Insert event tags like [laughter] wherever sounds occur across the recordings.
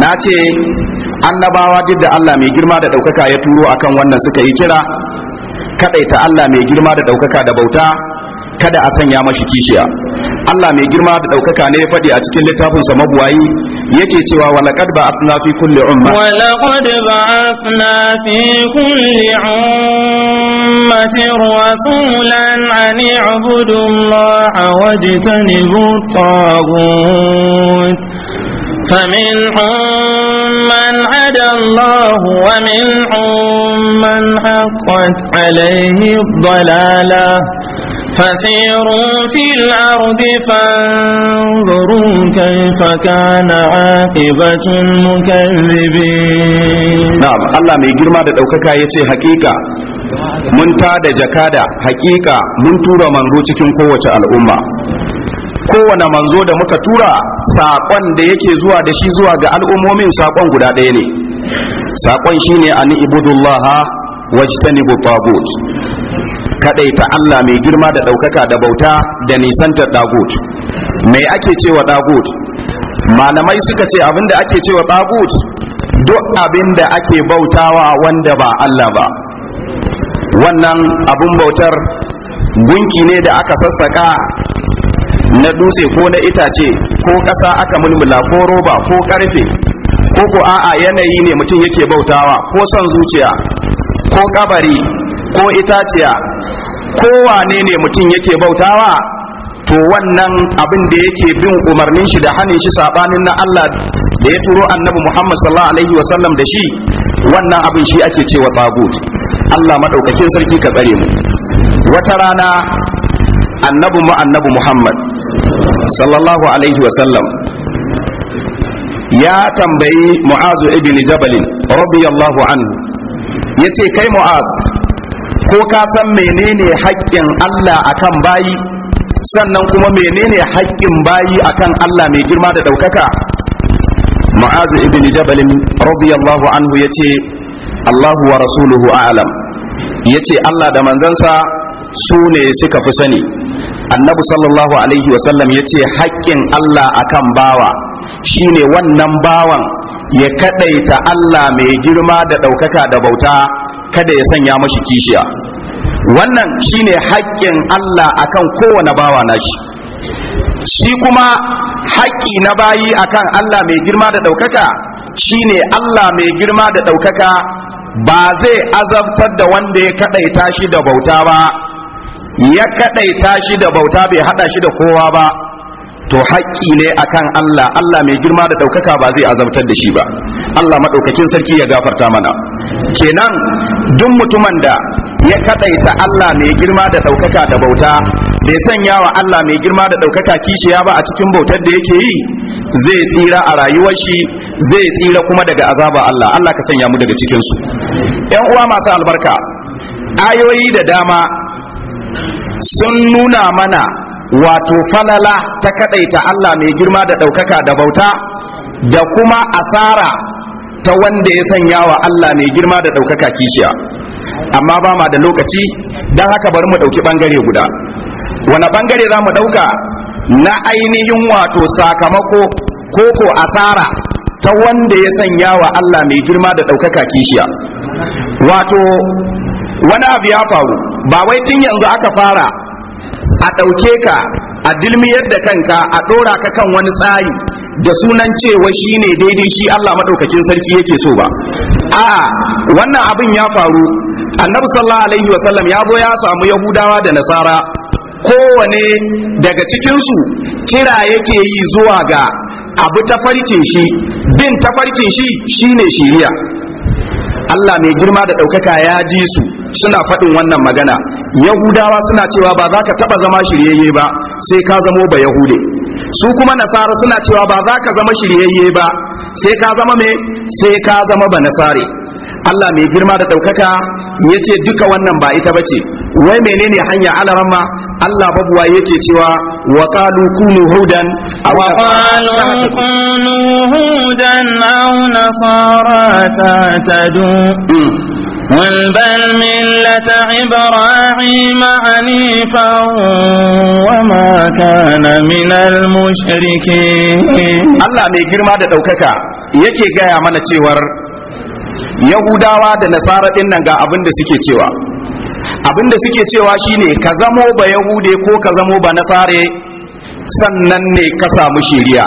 na ce annabawa duk da Allah mai girma da ɗaukaka ya turo akan wannan suka yi kira kaɗaita Allah mai girma da ɗaukaka da bauta kada a sanya mashi kishiya Allah mai girma da ɗaukaka ne ya faɗi a cikin littafin sa mabuwayi yake cewa walaqad ba'athna fi kulli umma walaqad ba'athna fi kulli ummatin rasulan an i'budu Allah wajtanibu at فمنهم من عدى الله ومنهم من حقت عليه الضلالة فسيروا في الأرض فانظروا كيف كان عاقبة المكذبين نعم الله ما يجرم هذا الأوكاكا يتي حقيقة من تاد جكادا حقيقة من تورا من روتك قوة الأمة kowane manzo da muka tura saƙon da yake zuwa da shi zuwa ga al'ummomin saƙon guda ɗaya ne saƙon shi shine an ibudullaha wajtanibu tagut kadaita Allah mai girma da ɗaukaka da bauta da nisantar dagut mai ake cewa dagut malamai suka ce abin da ake cewa dagut duk abin abinda ake bautawa wanda ba Allah ba wannan abin bautar gunki ne da aka sassaka na dutse ko na itace ko ƙasa aka mulmula ko roba ko ƙarfe ko ko a'a yanayi ne mutum yake bautawa ko son zuciya ko kabari ko itaciya ko wane ne mutum yake bautawa to wannan abin da yake bin umarnin shi da hannun shi sabanin na Allah da ya turo annabi Muhammad sallallahu alaihi wasallam da shi wannan abin shi ake cewa tagut Allah madaukakin sarki ka tsare mu wata rana annabi mu annabi muhammad sallallahu alaihi wasallam ya tambayi mu'azu ibn jabalin radiyallahu anhu ya ce kai mu'az ko ka san menene haƙƙin allah akan bayi sannan kuma menene haƙƙin bayi akan allah mai girma da ɗaukaka mu'azu ibn jabalin radiyallahu anhu ya ce allahu wa rasuluhu a'lam ya ce allah da manzansa su ne suka fi sani annabi sallallahu alaihi wasallam ya ce haƙƙin allah akan bawa shine wannan bawan ya kaɗaita allah mai girma da ɗaukaka da bauta kada ya sanya mashi kishiya wannan shine haƙƙin allah akan kowane bawa nashi shi kuma haƙƙi na bayi akan allah mai girma da ɗaukaka shine allah mai girma da ɗaukaka ba zai azabtar da wanda ya kaɗaita shi da bauta ba ya kadaita shi da bauta bai hada shi da kowa ba to haƙƙi ne akan Allah Allah mai girma da ɗaukaka ba zai azabtar da shi ba Allah maɗaukakin sarki ya gafarta mana kenan duk mutumin da ya kadaita Allah mai girma da ɗaukaka da bauta bai sanya wa Allah mai girma da ɗaukaka kishiya ba a cikin bautar da yake yi zai tsira a rayuwar shi zai tsira kuma daga azaba Allah Allah ka sanya mu daga cikin su ƴan uwa masu albarka ayoyi da dama sun nuna mana wato falala ta kadaita Allah mai girma da ɗaukaka da bauta da kuma asara ta wanda ya sanya wa Allah mai girma da ɗaukaka kishiya amma ba ma da lokaci don haka bari mu ɗauki ɓangare guda wani ɓangare za mu ɗauka na ainihin wato sakamako koko asara ta wanda ya sanya wa Allah mai girma da ɗaukaka kishiya wato wani abu ya faru ba wai tun yanzu aka fara a ɗauke ka a dilmiyar da kanka a ɗora ka kan wani tsari da sunan cewa shi ne daidai shi Allah maɗaukakin sarki yake so ba a wannan abin ya faru annabi sallallahu alaihi wasallam ya zo ya samu yahudawa da nasara kowane daga cikinsu kira yake yi zuwa ga abu tafarkin shi bin tafarkin shi shine shiriya Allah mai girma da ɗaukaka ya ji su suna faɗin wannan magana yahudawa suna cewa ba za ka taɓa zama shiryayye ba sai ka zamo ba yahude su kuma nasara suna cewa ba za ka zama shiryayye ba sai ka zama me sai ka zama ba nasare Allah mai girma da ɗaukaka ya ce duka wannan ba ita ba ce wai menene hanya alarama Allah babu babuwa yake cewa wa qalu kunu hudan qalu kunu hudan aw nasara ta tadu hmm. قل بل ملة إبراهيم حنيفا وما كان من المشركين الله mai girma da ɗaukaka yake gaya mana cewar yahudawa da nasara ɗin nan ga abinda suke cewa Abinda suke cewa shine ka zamo ba yahude ko ka zamo ba nasare sannan ne ka samu shiriya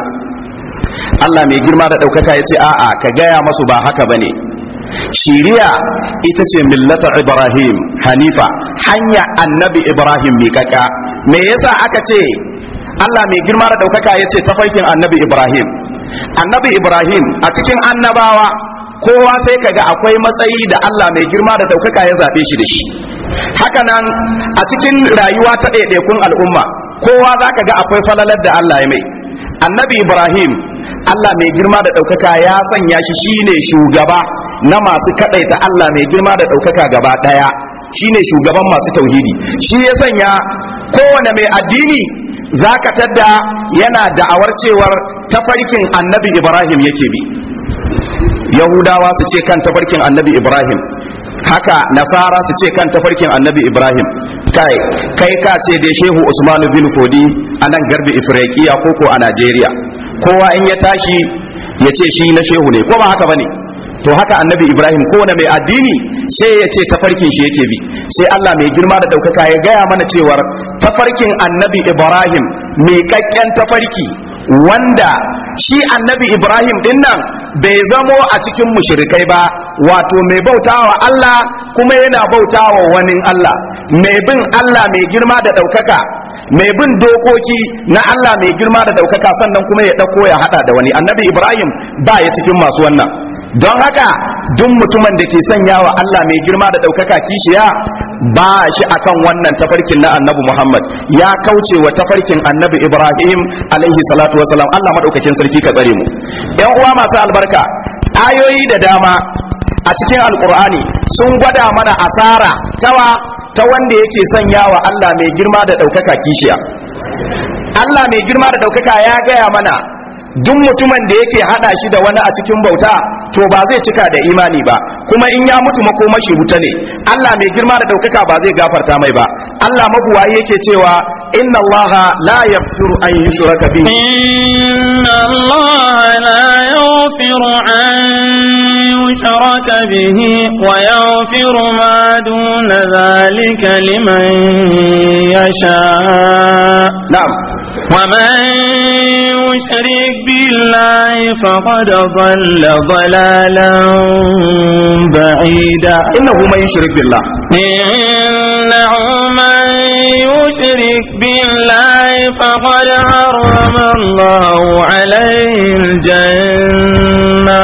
Allah mai girma da ɗaukaka ya ce a'a ka gaya masu ba haka bane. shiriya ita ce millata ibrahim hanifa hanya annabi ibrahim miƙaƙa me yasa aka ce allah mai girma da ɗaukaka ya ce farkin annabi ibrahim annabi ibrahim a cikin annabawa kowa sai kaga akwai matsayi da allah mai girma da ɗaukaka ya zaɓe shi da shi Haka nan, a cikin rayuwa ta ɗaiɗaikun al'umma kowa za ka ga akwai falalar da allah ya mai annabi ibrahim allah mai girma da ɗaukaka ya sanya shi shine shugaba na masu kaɗaita allah mai girma da ɗaukaka gaba ɗaya shine shugaban masu tauhidi shi ya sanya kowane mai addini za ka tadda yana da'awar cewar tafarkin annabi ibrahim yake bi yahudawa su ce kan tafarkin annabi ibrahim haka nasara su ce kan tafarkin annabi ibrahim kai kai ka ce da shehu usmanu bin fodi a nan garbi ifraqiya ko ko a najeriya kowa in ya tashi ya ce shi na shehu ne ko ba haka bane to haka annabi ibrahim wane mai addini sai ya ce tafarkin shi yake bi sai allah mai girma da ɗaukaka ya gaya mana cewar tafarkin annabi ibrahim mai kakken tafarki wanda shi annabi ibrahim din nan bai zamo a cikin mushrikai ba wato mai bautawa allah kuma yana bautawa wani allah mai bin allah mai girma da ɗaukaka mai bin dokoki na allah mai girma da ɗaukaka sannan kuma ya ɗauko ya haɗa da wani annabi ibrahim ba ya cikin masu wannan don haka duk mutumin da ke sanya wa Allah mai girma da ɗaukaka kishiya ba shi akan wannan tafarkin na annabi Muhammad ya kauce wa tafarkin annabi Ibrahim alaihi salatu wasalam Allah madaukakin sarki ka tsare mu yan uwa masu albarka ayoyi da dama a cikin alkur'ani sun gwada mana asara tawa ta wanda yake sanya wa Allah mai girma da ɗaukaka kishiya Allah mai girma da ɗaukaka ya gaya mana duk mutumin da yake hada shi da wani a cikin bauta to ba zai cika da imani ba kuma in ya mutu makomashi wuta ne Allah mai girma da daukaka ba zai gafarta mai ba Allah mabuwayi yake cewa inna Allah la yaghfiru an yushraka bihi inna Allah la yaghfiru an yushraka bihi wa yaghfiru ma duna zalika liman yasha na'am ومن يشرك بالله فقد ضل ضلالا بعيدا إنه من يشرك بالله إنه من يشرك بالله فقد حرم الله عليه الجنة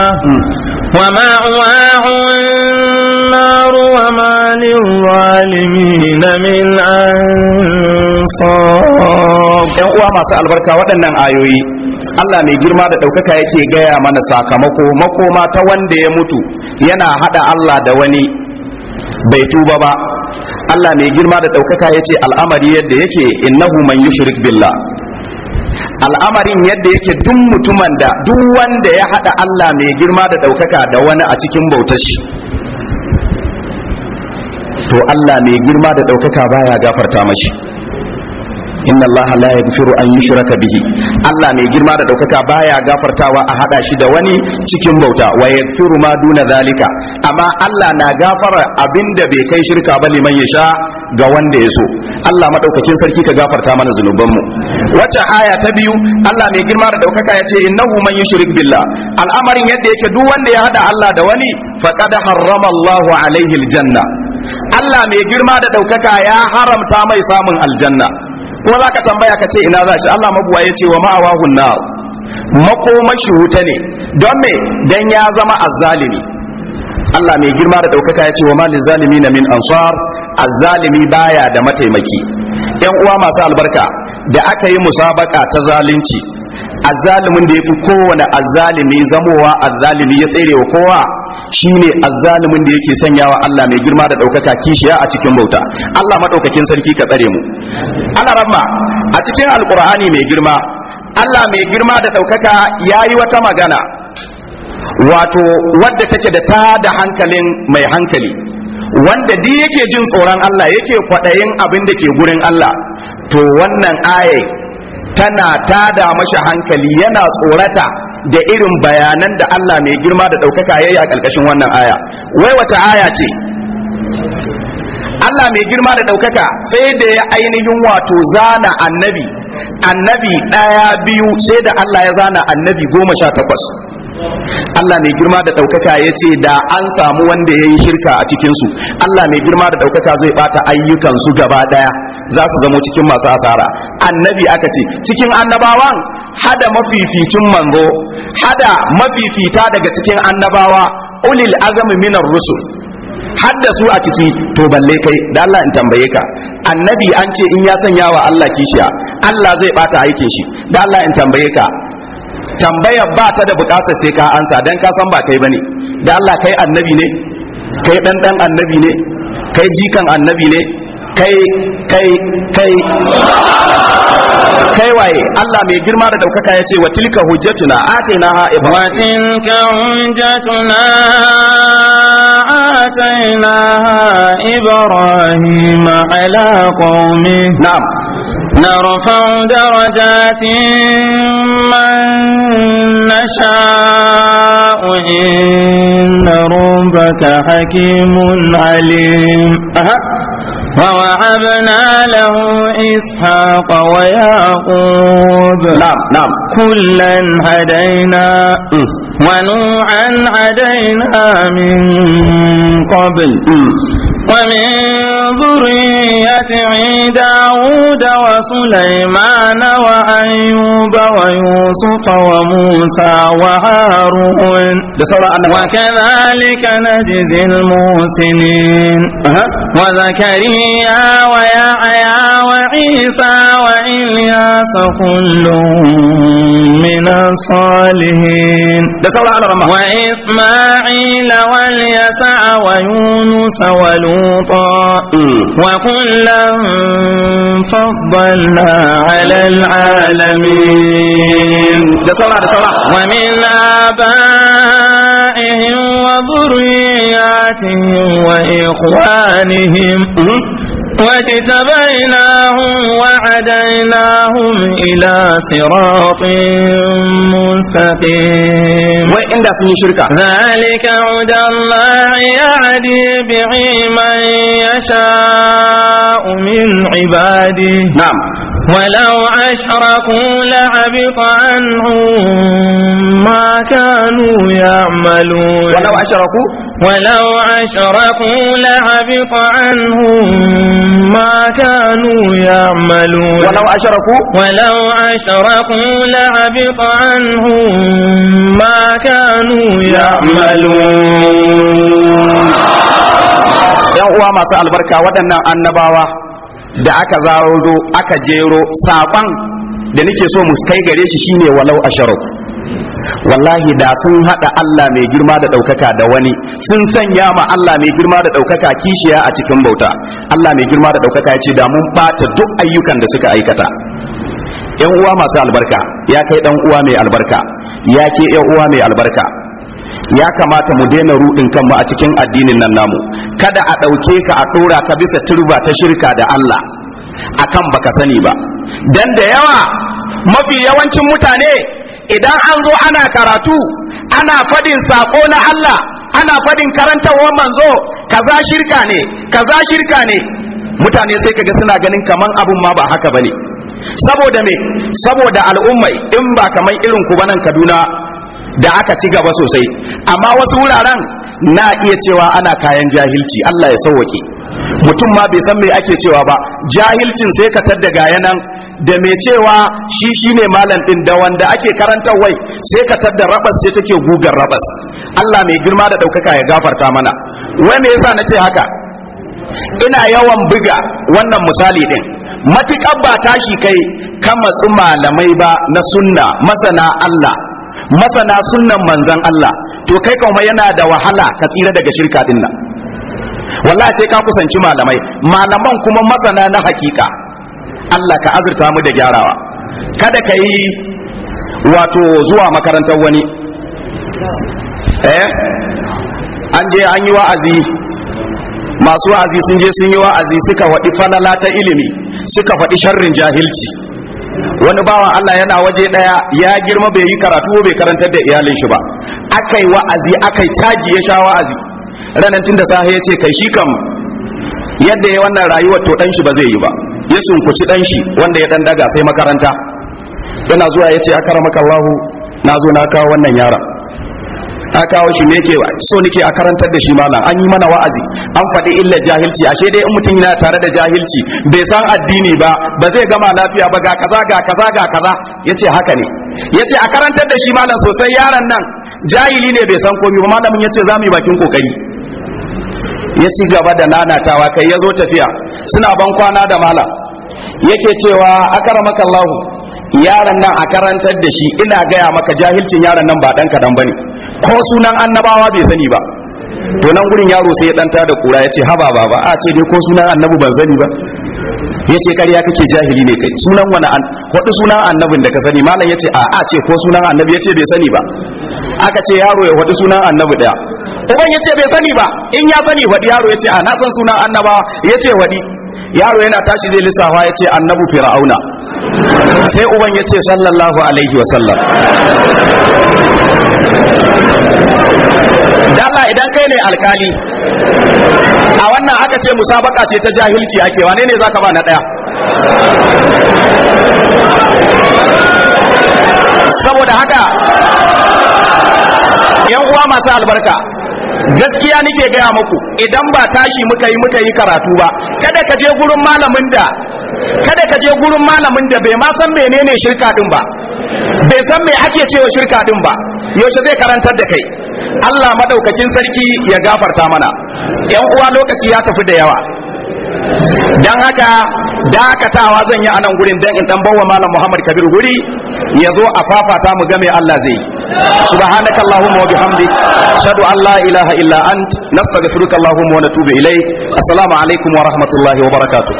ومأواه النار وما للظالمين من أنصار Yan uwa masu albarka waɗannan ayoyi Allah mai girma da ɗaukaka yake gaya mana sakamako makoma ta wanda ya mutu yana hada Allah da wani bai tuba ba Allah mai girma da ɗaukaka yace al'amari yadda yake innahu man yushrik billah al'amarin yadda yake duk mutumin da duk wanda ya haɗa Allah mai girma da ɗaukaka da wani a cikin bautar shi to Allah mai girma da ɗaukaka baya gafarta mashi inna allaha la yaghfiru an yushraka bihi Allah mai girma da daukaka baya gafartawa a hada shi da wani cikin bauta wa yaghfiru ma duna zalika amma Allah na gafara abinda bai kai shirka ba liman ya sha ga wanda ya so Allah madaukakin sarki ka gafarta mana zunuban mu wacce aya ta biyu Allah mai girma da daukaka ya ce innahu man yushrik billah al'amarin yadda yake duk wanda ya hada Allah da wani faqad harrama Allahu alaihi aljanna Allah mai girma da daukaka ya haramta mai samun aljanna kuma za ka tambaya ka ce ina za shi Allah mabuwa ya ce wa ma'awahun na makomashi wuta ne don me dan ya zama azzalimi Allah mai girma da ɗaukaka ya ce wa malin zalimi na min ansar azzalimi baya da mataimaki yan uwa masu albarka da aka yi musabaka ta zalunci azzalimin da ya fi kowane azzalimi zamowa azzalimi ya tsere wa kowa shi ne azzalumin da yake sanya wa Allah mai girma da ɗaukaka kishiya a cikin bauta Allah maɗaukakin sarki ka tsare mu Allah ramma a cikin alƙur'ani mai girma Allah mai girma da ɗaukaka ya yi wata magana wato wadda take da ta da hankalin mai hankali wanda duk yake jin tsoron Allah yake kwaɗayin abin da ke gurin Allah to wannan ayai. tana tada mashi hankali yana tsorata da irin bayanan da Allah mai girma da ɗaukaka ya yi a ƙarƙashin wannan aya wai wata aya ce Allah mai girma da ɗaukaka sai da ya ainihin wato zana annabi annabi ɗaya biyu sai da Allah ya zana annabi goma sha takwas Allah mai girma da ɗaukaka ya ce da an samu wanda ya yi shirka a cikinsu Allah mai girma da ɗaukaka zai ɓata ayyukansu gaba ɗaya za su zamo cikin masu asara annabi aka ce cikin annabawan hada mafificin manzo hada mafifita daga cikin annabawa ulil azami minar rusul hadda su a ciki to balle kai da Allah in tambaye ka annabi an ce in ya sanya wa Allah kishiya Allah zai bata aikin shi da Allah in tambaye ka Tambaya ba ta da bukasa sai ka ansa dan ka san ba kai bane da Allah kai annabi ne kai dan dan annabi ne kai jikan annabi ne kai kai kai kai waye Allah mai girma da daukaka ya ce wa tilka hujjatuna atina ha ibrahim wa tilka hujjatuna atina ibrahim ala qaumi na'am نرفع درجات من نشاء إن ربك حكيم عليم ووعبنا له إسحاق ويعقوب نعم نعم كلا هدينا ونوعا هدينا من قبل ومن عيد داود وسليمان وأيوب ويوسف وموسى وهارون وكذلك نجزي المحسنين وزكريا ويعيا وعيسى وإلياس كل من الصالحين وإسماعيل واليسع ويونس ولوطا وكلا فضل منها على العالمين ومن آبائهم وذرياتهم وإخوانهم واجتبيناهم وعديناهم إلى صراط مستقيم وإن دفن شركة ذلك عدى الله يعدي به من يشاء من عباده نعم ولو أشركوا لعبط عنهم ما كانوا يعملون ولو أشركوا ولو أشركوا لحبط عنهم ما كانوا يعملون ولو أشركوا ولو أشركوا لحبط عنهم ما كانوا يعملون yan uwa masu albarka waɗannan annabawa da aka zaro aka jero saƙon da nake so mu kai gare shi shine walau asharaku wallahi da sun hada Allah mai girma da daukaka da wani sun sanya ma Allah mai girma da daukaka kishiya a cikin bauta Allah mai girma da daukaka ya ce da mun bata duk ayyukan da suka aikata yan uwa masu albarka ya kai ɗan uwa mai albarka ya ke yan uwa mai albarka ya kamata mu daina rudin kanmu a cikin addinin nan namu kada a ɗauke ka a ɗora ka bisa turba ta shirka da Allah akan baka sani ba dan da yawa mafi yawancin mutane idan an zo ana karatu ana faɗin sako na Allah ana faɗin karantarwar manzo kaza shirka ne kaza shirka ne mutane sai kaga suna ganin kaman abun ma ba haka bane saboda me saboda al'ummai in ba kaman irin ku nan Kaduna da aka ci gaba sosai amma wasu wuraren na iya cewa ana kayan jahilci Allah ya sauwake mutum ma bai san me ake cewa ba jahilcin sai ka tadda gaya nan da mai cewa shi shine malam ɗin, da wanda ake karanta wai sai ka tadda rabas sai take gugar rabas Allah mai girma da ɗaukaka ya gafarta mana wai me yasa na ce haka ina yawan buga wannan misali ɗin matuƙar ba tashi kai ka matsu malamai ba na sunna masana Allah masana sunnan manzan Allah to kai kuma yana da wahala ka tsira daga shirka din wallahi sai ka kusanci malamai malaman kuma masana na hakika Allah ka azurta mu da gyarawa kada ka yi wato zuwa makarantar wani eh an je an yi wa'azi masu wa'azi sun je sun yi wa'azi suka faɗi falala ta ilimi suka faɗi sharrin jahilci wani bawan Allah yana waje ɗaya ya girma bai yi karatu bai karantar da iyalin shi ba akai wa'azi akai caji ya sha wa'azi ranar tun da safe ya ce kai shi kam yadda ya wannan rayuwar to dan shi ba zai yi ba ya sunkuci dan shi wanda ya dan daga sai makaranta yana zuwa ya ce akaramakallahu na zo na kawo wannan yaron a kawo shi ne ke so nike a karantar da shi malam an yi mana wa'azi an faɗi illar jahilci ashe dai in mutum yana tare da jahilci bai san addini ba ba zai gama lafiya ba ga kaza ga kaza ga kaza Ya ce haka ne ya ce a karantar da shi malam sosai yaron nan jahili ne bai san komi ba malamin ce za mu yi bakin kokari ya ci gaba da nanatawa kai ya zo tafiya suna ban kwana da malam yake cewa akaramaka Allahu yaron nan a karantar da shi ina gaya maka jahilcin yaron nan ba dan kadan bane ko sunan annabawa bai sani ba to nan gurin yaro sai ya danta da kura ya ce haba ba a ce dai ko sunan annabi ban sani ba ya ce kariya kake jahili ne kai sunan wani an sunan annabin da ka sani malam ya ce a a ce ko sunan annabi ya ce bai sani ba aka ce yaro ya faɗi sunan annabi daya uban ya ce bai sani ba in ya sani faɗi yaro ya ce a na san sunan annabawa ya ce faɗi yaro yana tashi zai lissafa ya ce annabu fir'auna sai uban ya ce sallallahu alaihi wa sallam dala idan kai ne alkali a wannan aka ce musabaka ce ta jahilci ake wane ne zaka ba na daya saboda haka yan uwa masu albarka gaskiya nike gaya muku idan ba tashi muka yi muka yi karatu ba kada ka je gurin malamin da kada ka je gurin malamin da bai ma san menene shirka din ba bai san me ake cewa shirka din ba yaushe zai karantar da kai Allah madaukakin sarki ya gafarta mana yan uwa lokaci ya tafi da yawa dan haka dakatawa zan yi a nan gurin dan in dan bawa malam Muhammad Kabir guri ya zo a fafata mu ga me Allah zai yi subhanaka allahumma wa bihamdik ashhadu an la ilaha illa ant nastaghfiruka allahumma wa natubu ilayk assalamu alaikum wa rahmatullahi wa barakatuh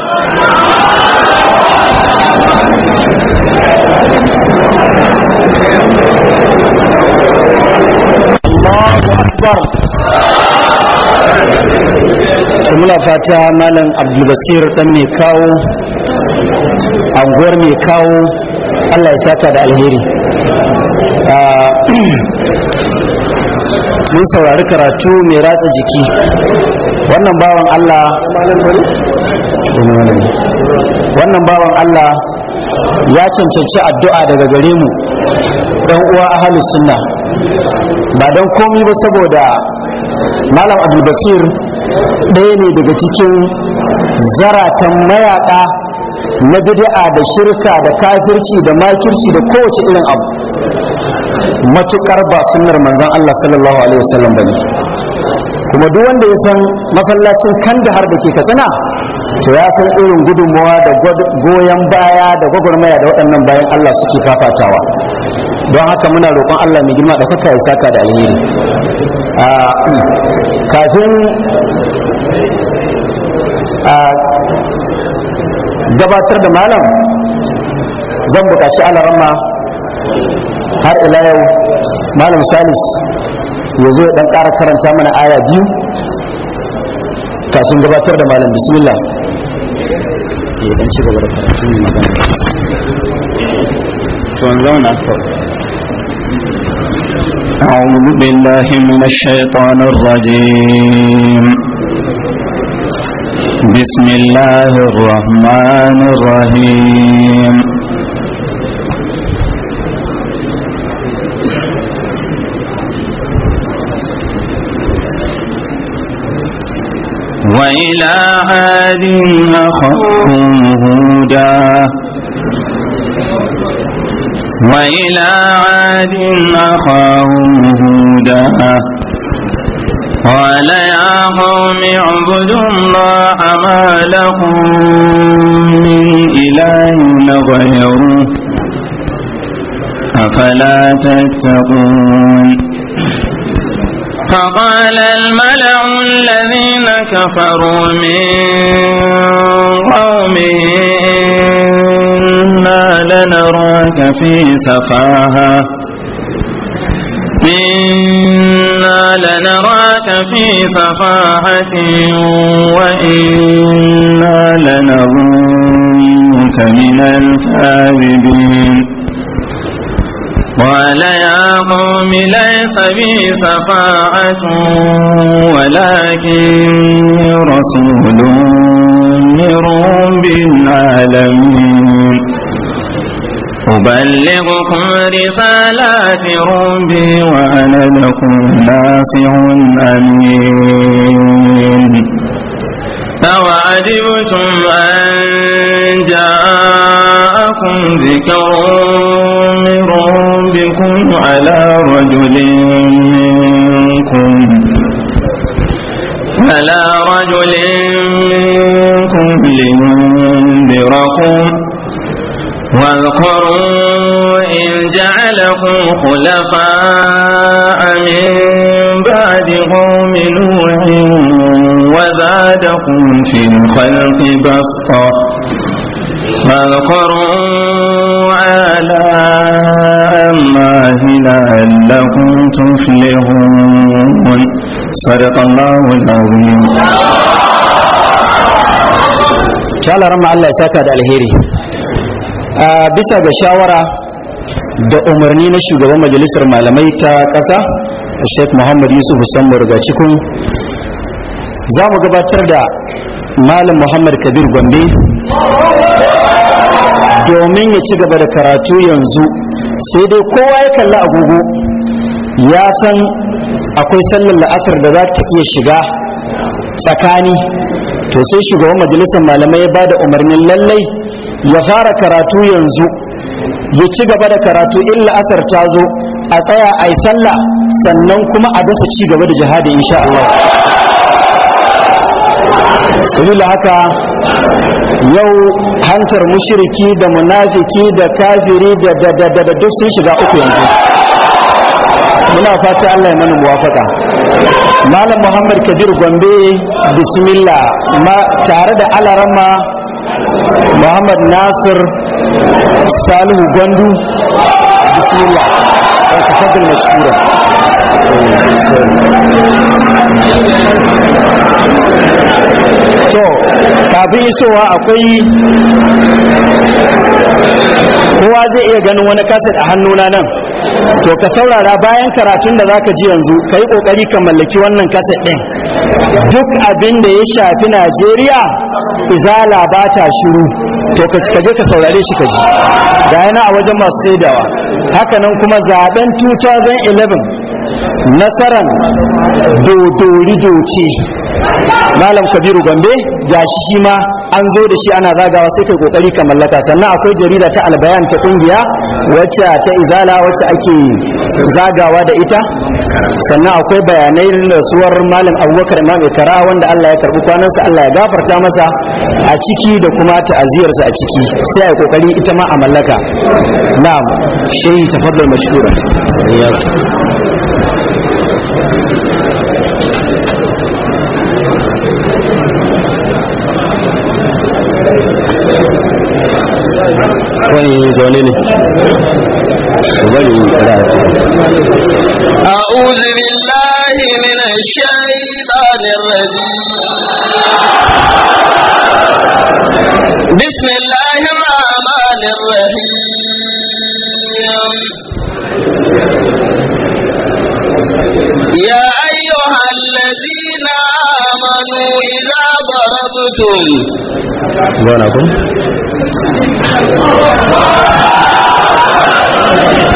muna fata malam abdulbasir dan mai kawo anguwar mai kawo allah ya saka da alheri mun saurari karatu mai ratsa jiki wannan bawan allah wannan bawan allah ya cancanci addu'a daga gare mu ɗan uwa ahalus sunna ba don komi ba saboda malam abdulbasir ɗaya ne daga cikin zaratan mayaƙa na bid'a da shirka da kafirci da makirci da kowace irin abu matukar ba sunnar manzan Allah sallallahu alaihi wasallam bane kuma duk wanda ya san masallacin Kandahar da ke Katsina to ya san irin gudunmawa da goyon baya da gwagwarmaya da waɗannan bayan Allah suke fafatawa don haka muna roƙon Allah mai girma ɗaukaka ya saka da alheri kafin gabatar da malam zan buƙaci alarama har ila yau malam salis ya zo dan ƙara karanta mana aya biyu kafin gabatar da malam bismillah ya dan ci gaba da karatun magana to an zauna kawai أعوذ بالله من الشيطان الرجيم بسم الله الرحمن الرحيم وإلى عاد أخاهم هودا وإلى عاد أخاهم هودا قال يا قوم اعبدوا الله ما لكم من إله غيره أفلا تتقون فقال الملأ الذين كفروا من قومه إنا لنراك في سفاهة إنا لنراك في سفاهة وإنا لنظنك من الكاذبين قال يا قوم ليس بي صفاعة ولكني رسول من رب العالمين أبلغكم رسالات ربي وأنا لكم ناصح أمين أوعجبتم أن جاءكم ذكر من رب بكم على رجل منكم على رجل منكم لينذركم واذكروا إن جعلكم خلفاء من بعد قوم نوح وزادكم في الخلق بسطة واذكروا تعالى الله لعلكم تفلحون صدق الله العظيم تعالى رمى الله saka da alheri bisa ga shawara da umarni na shugaban majalisar malamai ta ƙasa sheikh muhammad yusuf sambar ga cikin za mu gabatar da malam muhammad kabir gombe domin ya ci gaba da karatu yanzu sai dai kowa ya kalli agogo ya san akwai sallar la'asar da za ta iya shiga tsakani to sai shugaban majalisar malamai ya ba da umarnin lallai ya fara karatu yanzu ya ci gaba da karatu in la'asar ta zo a tsaya a yi sallah sannan kuma a dasa ci gaba da jihadi insha Allah haka yau hantar mushriki da munafiki da kafiri da da da da duk sun shiga uku yanzu muna fata Allah ya mana muwafaka malam muhammad kabir gombe bismillah ma tare da alarama muhammad nasir salihu gwandu bismillah wa tafaddal mashkura to kafin isowa akwai kowa zai iya ganin wani kaset a hannuna nan to ka saurara bayan karatun da za ka ji yanzu ka yi kokari ka mallaki wannan kaset ɗin duk abin da ya shafi najeriya izala ba ta shiru to ka je ka saurare shi ka ji ga yana a wajen masu saidawa hakanan kuma zaben 2011 nasaran dodori doce malam kabiru gombe ga shi ma an zo da shi ana zagawa sai kai kokari ka mallaka sannan akwai jarida ta albayan ta kungiya wacce ta izala wacce ake zagawa da ita sannan akwai bayanai rasuwar malam abubakar imam kara wanda allah ya karbi kwanansa allah ya gafarta masa a ciki da kuma ta'aziyarsa a ciki sai a kokari ita ma a mallaka na'am shehi tafaddal mashhura أعوذ بالله من الشيطان الرجيم بسم الله الرحمن الرحيم يا أيها الذين آمنوا إذا ضربتم ضربتم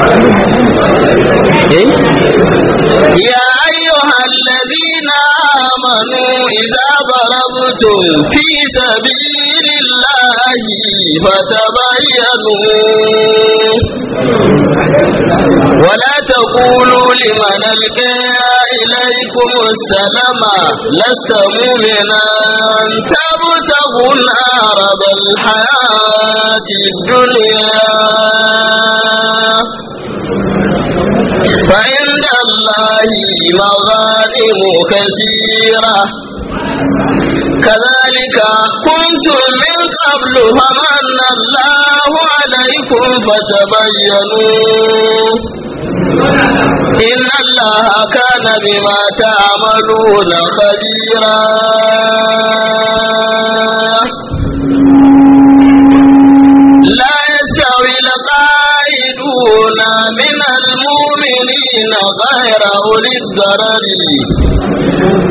إيه؟ يا أيها الذين آمنوا إذا ضربتم في سبيل الله فتبينوا ولا تقولوا لمن ألقى إليكم السلام لست مؤمنا تبتغون عرض الحياة الدنيا فعند الله مظالم كثيرة كذلك كنتم من قبل فمن الله عليكم فتبينوا إن الله كان بما تعملون خبيرا لا يستوي القائل يخرجون من المؤمنين غير أولي الضرر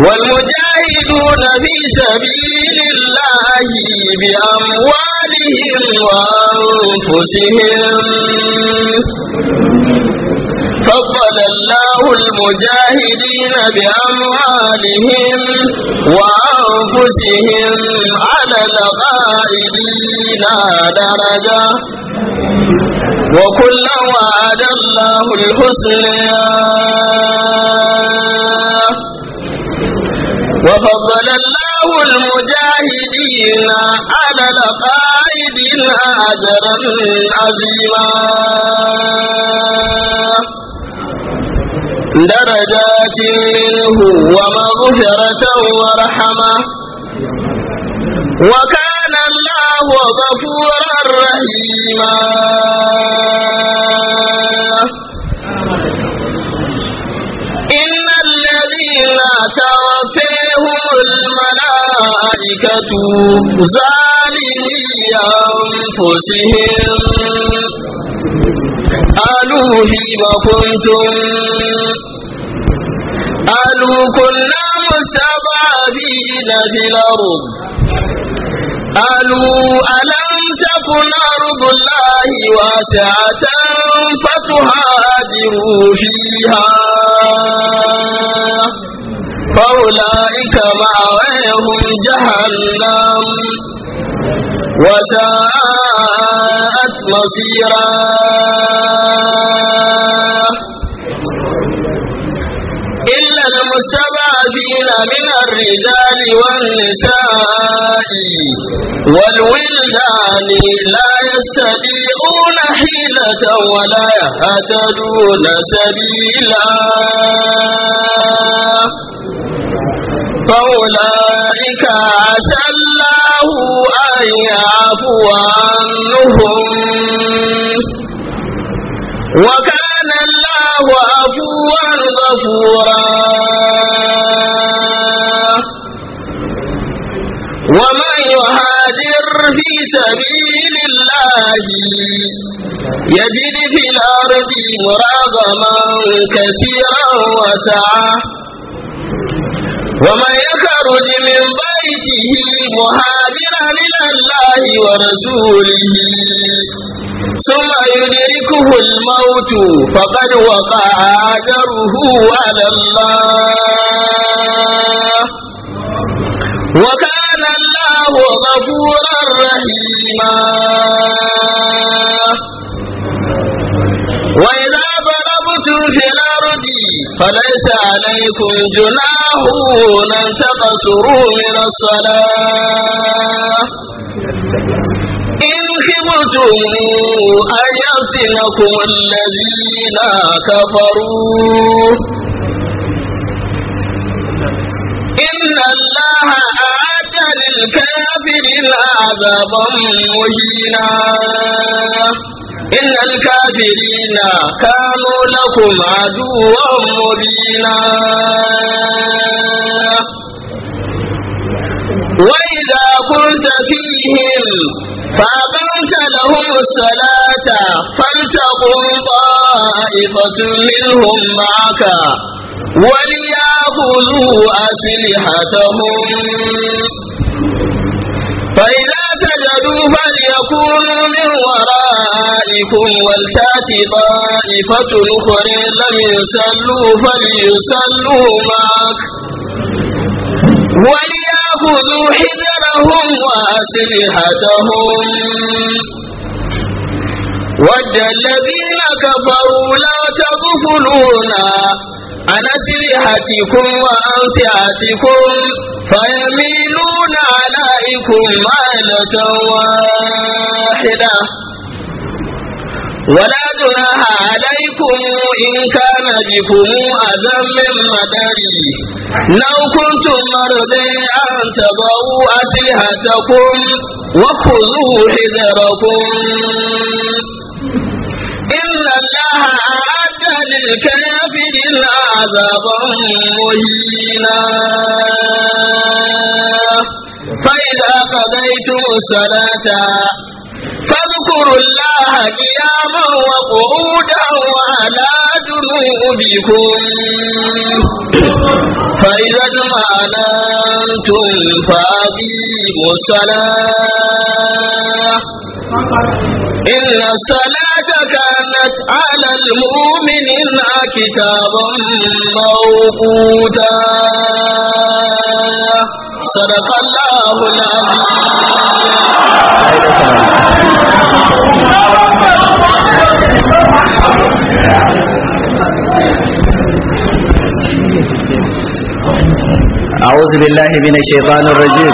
والمجاهدون في سبيل الله بأموالهم وأنفسهم فضل الله المجاهدين بأموالهم وأنفسهم على الغائبين درجة وكل وعد الله الحسنى وفضل الله المجاهدين على القائدين أجرا عظيما درجات منه ومغفرة ورحمة وكان الله غفورا رحيما إن الذين توفيهم الملائكة ظالمي أنفسهم قالوا فيم كنتم قالوا كنا مستضعفين في الأرض قالوا ألم تكن أرض الله واسعة فتهاجروا فيها فأولئك مأويهم جهنم وساءت مصيرا إلا المستضعفين من الرجال والنساء والولدان لا يستطيعون حيلة ولا يهتدون سبيلا فأولئك عسى الله أن يعفو عنهم وكان الله عفوا غفورا ومن يهاجر في سبيل الله يجد في الأرض مراغما كثيرا وسعه ومن يخرج من بيته مهاجرا إلى الله ورسوله ثم يدركه الموت فقد وقع أجره على الله وكان الله غفورا رحيما وإذا ضربت في الأرض فليس عليكم جناح أن تقصروا من الصلاة إن خبتم أن يفتنكم الذين كفروا إن الله أعد للكافرين عذابا مهينا إن الكافرين كانوا لكم عدوا مبينا وإذا كنت فيهم فأقمت لهم الصلاة فلتقم طائفة منهم معك وليأخذوا أسلحتهم فإذا سجدوا فليكونوا من ورائكم ولتات طائفة أخرى لم يصلوا فليصلوا معك وليأخذوا حذرهم وأسلحتهم ود الذين كفروا لا تغفلون عن أسلحتكم وأمتعتكم Fayaminu na alaikum ala wahida wahala. Wala tunaha alaikum in kana jikumu azamin maɗari. Naukuntun mardin an taɓa uku asiha ta kun wakkuzun hijira kun? Allaha a للكافر العذاب مهينا فإذا قضيتم الصلاة فاذكروا الله قياما وقعودا وعلى جنوبكم فإذا اطمأننتم فأقيموا الصلاة إن الصلاة كانت على المؤمنين كتابا موقوتا صدق الله العظيم أعوذ بالله من الشيطان الرجيم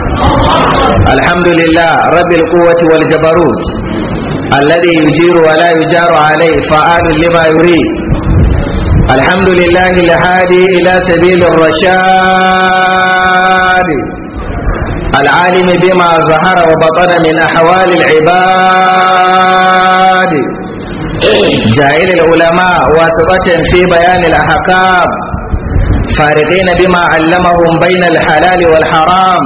الحمد لله رب القوة والجبروت الذي يجير ولا يجار عليه فعال لما يريد الحمد لله الهادي إلى سبيل الرشاد العالم بما ظهر وبطن من أحوال العباد جاهل العلماء واسطة في بيان الأحكام فارقين بما علمهم بين الحلال والحرام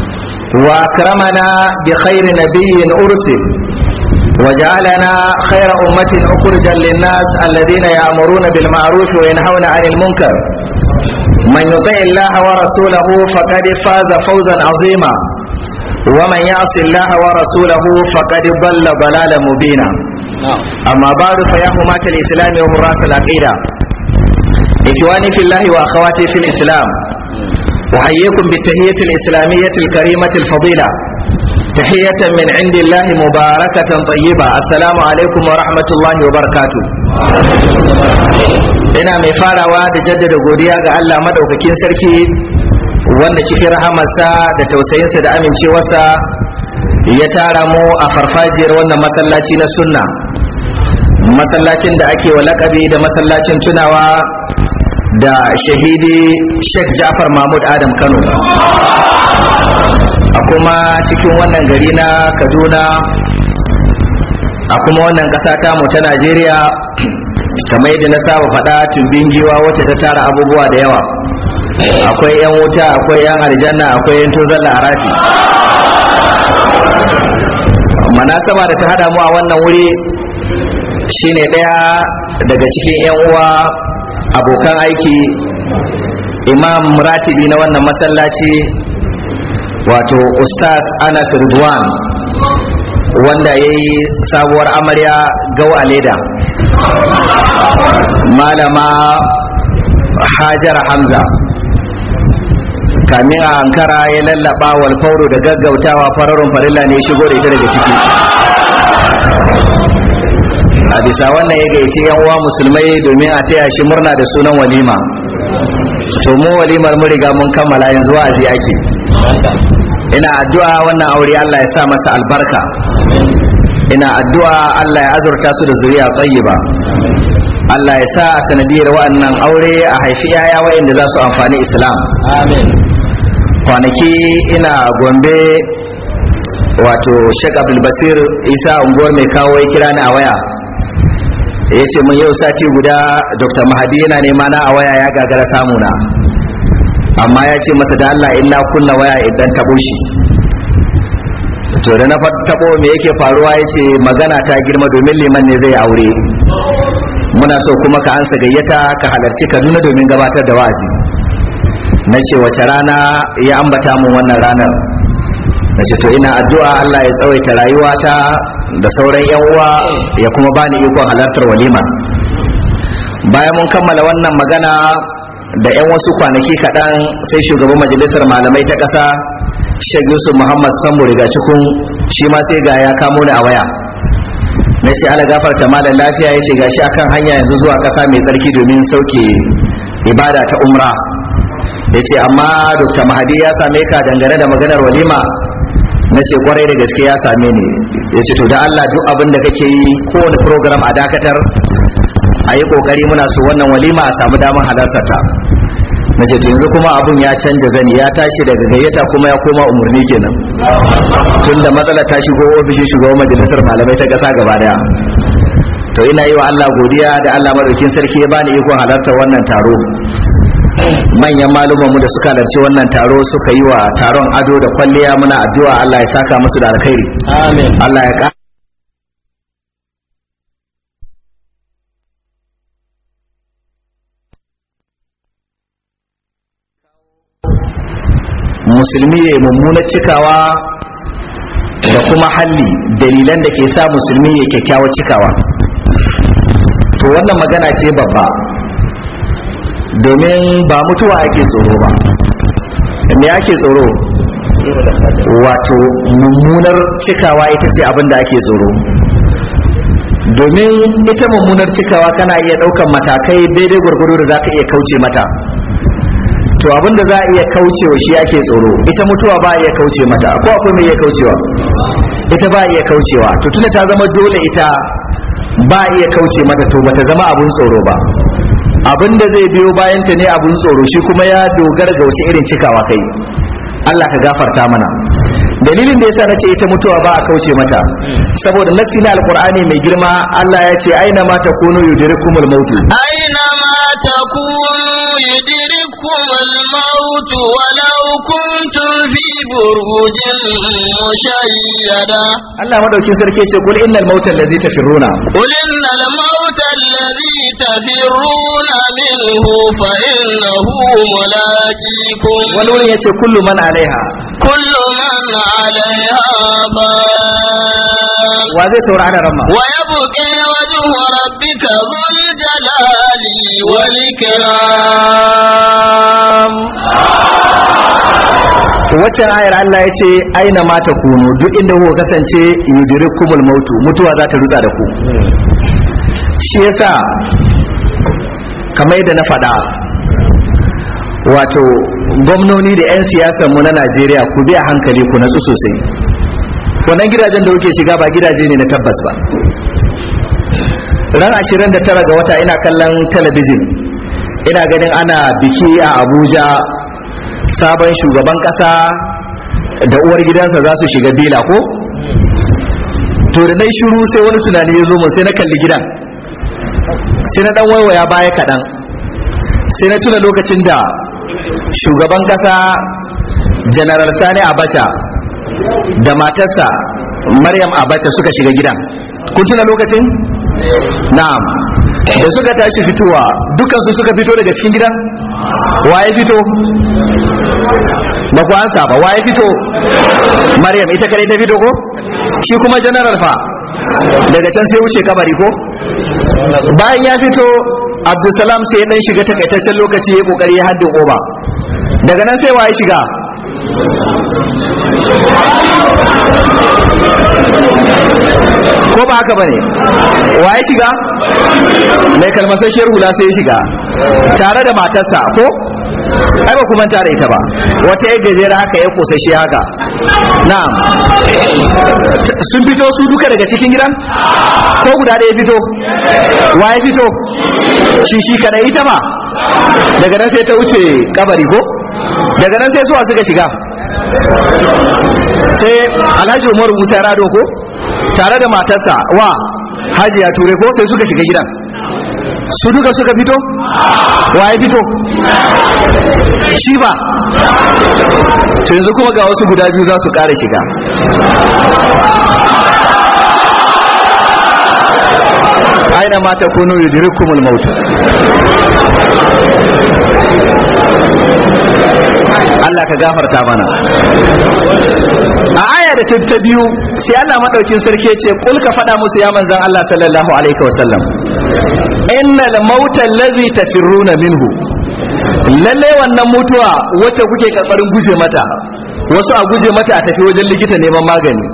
وأكرمنا بخير نبي أرسل وجعلنا خير أمة أخرجا للناس الذين يأمرون بالمعروف وينهون عن المنكر من يطع الله ورسوله فقد فاز فوزا عظيما ومن يعص الله ورسوله فقد ضل ضلالا مبينا نعم. أما بعد فيا امه الإسلام وحراس العقيدة إخواني في الله وأخواتي في الإسلام أحييكم بالتحية الإسلامية الكريمة الفضيلة تحية من عند الله مباركة طيبة السلام عليكم ورحمة الله وبركاته ina mai farawa da jaddada godiya ga Allah madaukakin sarki wanda cikin rahamarsa da tausayinsa da amincewarsa ya tara mu a farfajiyar wannan masallaci na sunna masallacin da ake wa lakabi da masallacin tunawa da shahidi sheikh jafar mahmud adam kano a kuma cikin wannan gari na kaduna a kuma wannan ƙasa tamu ta najeriya kamar yadda na saba faɗa tumbin giwa wacce ta tara abubuwa da yawa akwai 'yan wuta akwai 'yan aljanna akwai 'yan tozon larafi manasaba da ta hada mu a wannan wuri shine ɗaya daga cikin 'yan uwa abokan aiki imam ratibi na wannan masallaci wato ustaz anas ridwan wanda ya yi sabuwar amarya gawa leda malama hajar hamza kamin a ankara ya lallaba walfauro da gaggautawa fararun farilla ne shigo da ita daga ciki a bisa wannan ya gaici yan uwa musulmai domin a taya shi murna da sunan walima to mu walimar mu riga mun kammala yanzu wa'azi ake ina addu'a wannan aure Allah ya sa masa albarka ina addu'a Allah ya azurta su da zuriya tayyiba Allah ya sa a sanadiyar wa'annan aure a haifi yaya wa'anda za su amfani Islam amin kwanaki ina Gombe wato Sheikh Abdul Basir Isa unguwar mai kawo ya kira ni a waya ya ce mun yau sati guda dr mahadi yana nema na a waya ya gagara samu na amma ya ce masa da allah in kunna waya idan tabo shi to da na tabo me yake faruwa ya ce magana ta girma domin liman ne zai aure muna so kuma ka ansa gayyata ka halarci kaduna domin gabatar da wa'azi na ce wace rana ya ambata mu wannan ranar na ce to ina addu'a allah ya tsawaita rayuwata da sauran yan uwa ya kuma bani ikon halartar walima bayan mun kammala wannan magana da yan wasu kwanaki kaɗan sai shugaban majalisar malamai ta ƙasa Sheikh Yusuf Muhammad Sambo riga cikin shi ma sai ga ya kamo ni a waya na ce ala gafarta malam lafiya ya ce gashi akan hanya yanzu zuwa ƙasa mai tsarki domin sauke ibada ta umra ya ce amma dr mahadi ya same ka dangane da maganar walima na ce kwarai da gaske ya same ni ya ce to da Allah duk abin da kake yi kowane program a dakatar a yi kokari muna so wannan walima a samu damar halarta na ce to yanzu kuma abun ya canja zani ya tashi daga gayyata kuma ya koma umarni kenan tun da matsala ta shigo ofishin shugaban majalisar malamai ta kasa gaba daya to ina yi wa Allah godiya da Allah madaukin sarki ya bani iko halarta wannan taro manyan mu da suka halarci wannan taro suka yi wa taron ado da kwalliya muna addu'a Allah ya saka musu da alkhairi amin Allah ya musulmi ya mummunar cikawa da kuma halli dalilan da ke sa musulmi ya kyakkyawa cikawa to wannan magana ce babba domin ba mutuwa ake tsoro ba me ake tsoro wato mummunar cikawa ita ce abin da ake tsoro domin ita mummunar cikawa kana iya ɗaukan matakai daidai gwargwado da za ka iya kauce mata to abin da za a iya kauce wa shi ake tsoro ita mutuwa ba iya kauce mata ko akwai mai iya kaucewa ita ba iya kaucewa to tunda ta zama dole ita ba iya kauce mata to bata zama abun tsoro ba abin da zai biyo bayan ta ne abun tsoro shi kuma ya dogara ga wace irin cikawa kai Allah ka gafarta mana dalilin da yasa nace ita mutuwa ba a kauce mata saboda nassi na alqur'ani mai girma Allah ya ce aina ma takunu yudrikumul mautu aina ma takunu yudrikumul mautu walau kuntum fi burujin mushayyada Allah madaukin sarki ce kul innal mauta allazi tafiruna kul innal maut الذي تفرون منه فإنه ملاقيكم ولولا يتي كل من عليها كل من عليها بان وزي سورة على رمى ويبكي وجه ربك ذو الجلال والإكرام wacce ayar Allah ya ce aina mata kunu duk inda kuka kasance yudirikumul mautu mutuwa za ta rutsa da ku shi yasa kamar yadda na faɗa wato gwamnoni da 'yan mu na najeriya ku biya hankali ku natsu sosai wannan gidajen da kuke shiga ba gidaje ne na tabbas ba ran 29 ga wata ina kallon talabijin ina ganin ana biki a abuja sabon shugaban kasa da uwar gidansa za su shiga bila ko to da na shiru sai wani tunani ya zo mun sai na kalli gidan sai na dan waiwaya baya kaɗan sai na tuna lokacin da shugaban ƙasa general sani abacha da matarsa maryam abacha suka shiga gidan kun tuna lokacin na'am da suka tashi fitowa dukansu suka fito daga cikin gidan waye fito ba ku ansa ba waye fito maryam ita kare ta fito ko shi kuma general fa daga can sai wuce kabari ko bayan ya fito abdulsalam sai dan shiga takaitaccen lokaci ya kokari ya haddin oba daga nan sai waye shiga ko ba haka bane waye shiga mai kalmasasshiyar hula sai ya shiga tare da matarsa ko ai ba kuma tare ita ba wata yadda zai haka ya kosashe haka na'am sun fito su duka daga cikin gidan ko guda ɗaya fito wa ya fito shi shi kada ita ma daga nan sai ta wuce kabari ko daga nan sai suwa suka shiga sai alhaji umaru musa rado ko tare da matarsa wa hajiya ture ko sai suka shiga gidan su duka suka fito waye fito shi ba to yanzu kuma ga wasu guda biyu za su kara shiga aina ma ta kunu yudrikumul mautu? Allah ka gafarta mana a aya da ta biyu sai Allah madaukin sarki ya ce kulka faɗa musu ya manzan Allah sallallahu alaihi wasallam innal mauta allazi tafirruna minhu lalle wannan mutuwa wacce kuke kafarin guje mata wasu a guje mata a tafi wajen likita neman magani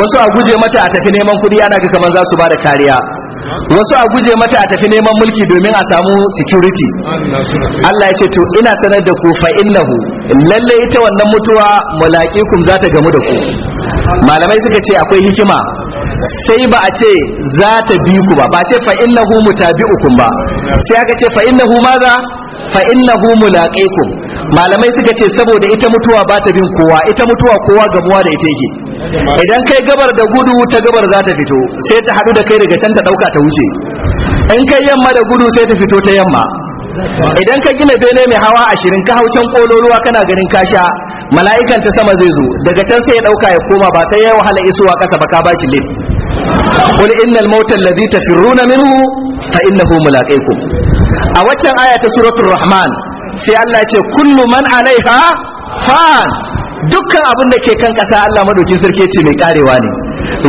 wasu a guje mata a tafi neman kudi ana ga kaman za su bada kariya wasu a guje mata a tafi neman mulki domin a samu security Allah ya ce to ina sanar da ku fa innahu lalle ita wannan mutuwa mala'ikum za ta gamu da ku malamai suka ce akwai hikima sai ba a ce za ta bi ku ba ba ce fa innahu mutabi'ukum ba sai aka ce fa innahu maza fa innahu mulaqikum malamai suka ce saboda ita mutuwa ba ta bin kowa ita mutuwa kowa gamuwa da ita yake idan kai gabar da gudu ta gabar za ta fito sai ta haɗu da kai daga can ta ɗauka ta wuce in kai yamma da gudu sai ta fito ta yamma idan ka gina bene mai hawa ashirin ka hau can kololuwa kana ganin ka sha. mala'ikan ta sama zai zo daga can sai ya dauka ya koma ba sai ya wahala isuwa kasa ba ka bashi lid qul innal mauta alladhi tafirruna minhu fa innahu mulaqikum a waccan aya ta suratul rahman sai Allah ya ce kullu man alaiha fan dukkan abin da ke kan kasa Allah madaukin sarki ce mai karewa ne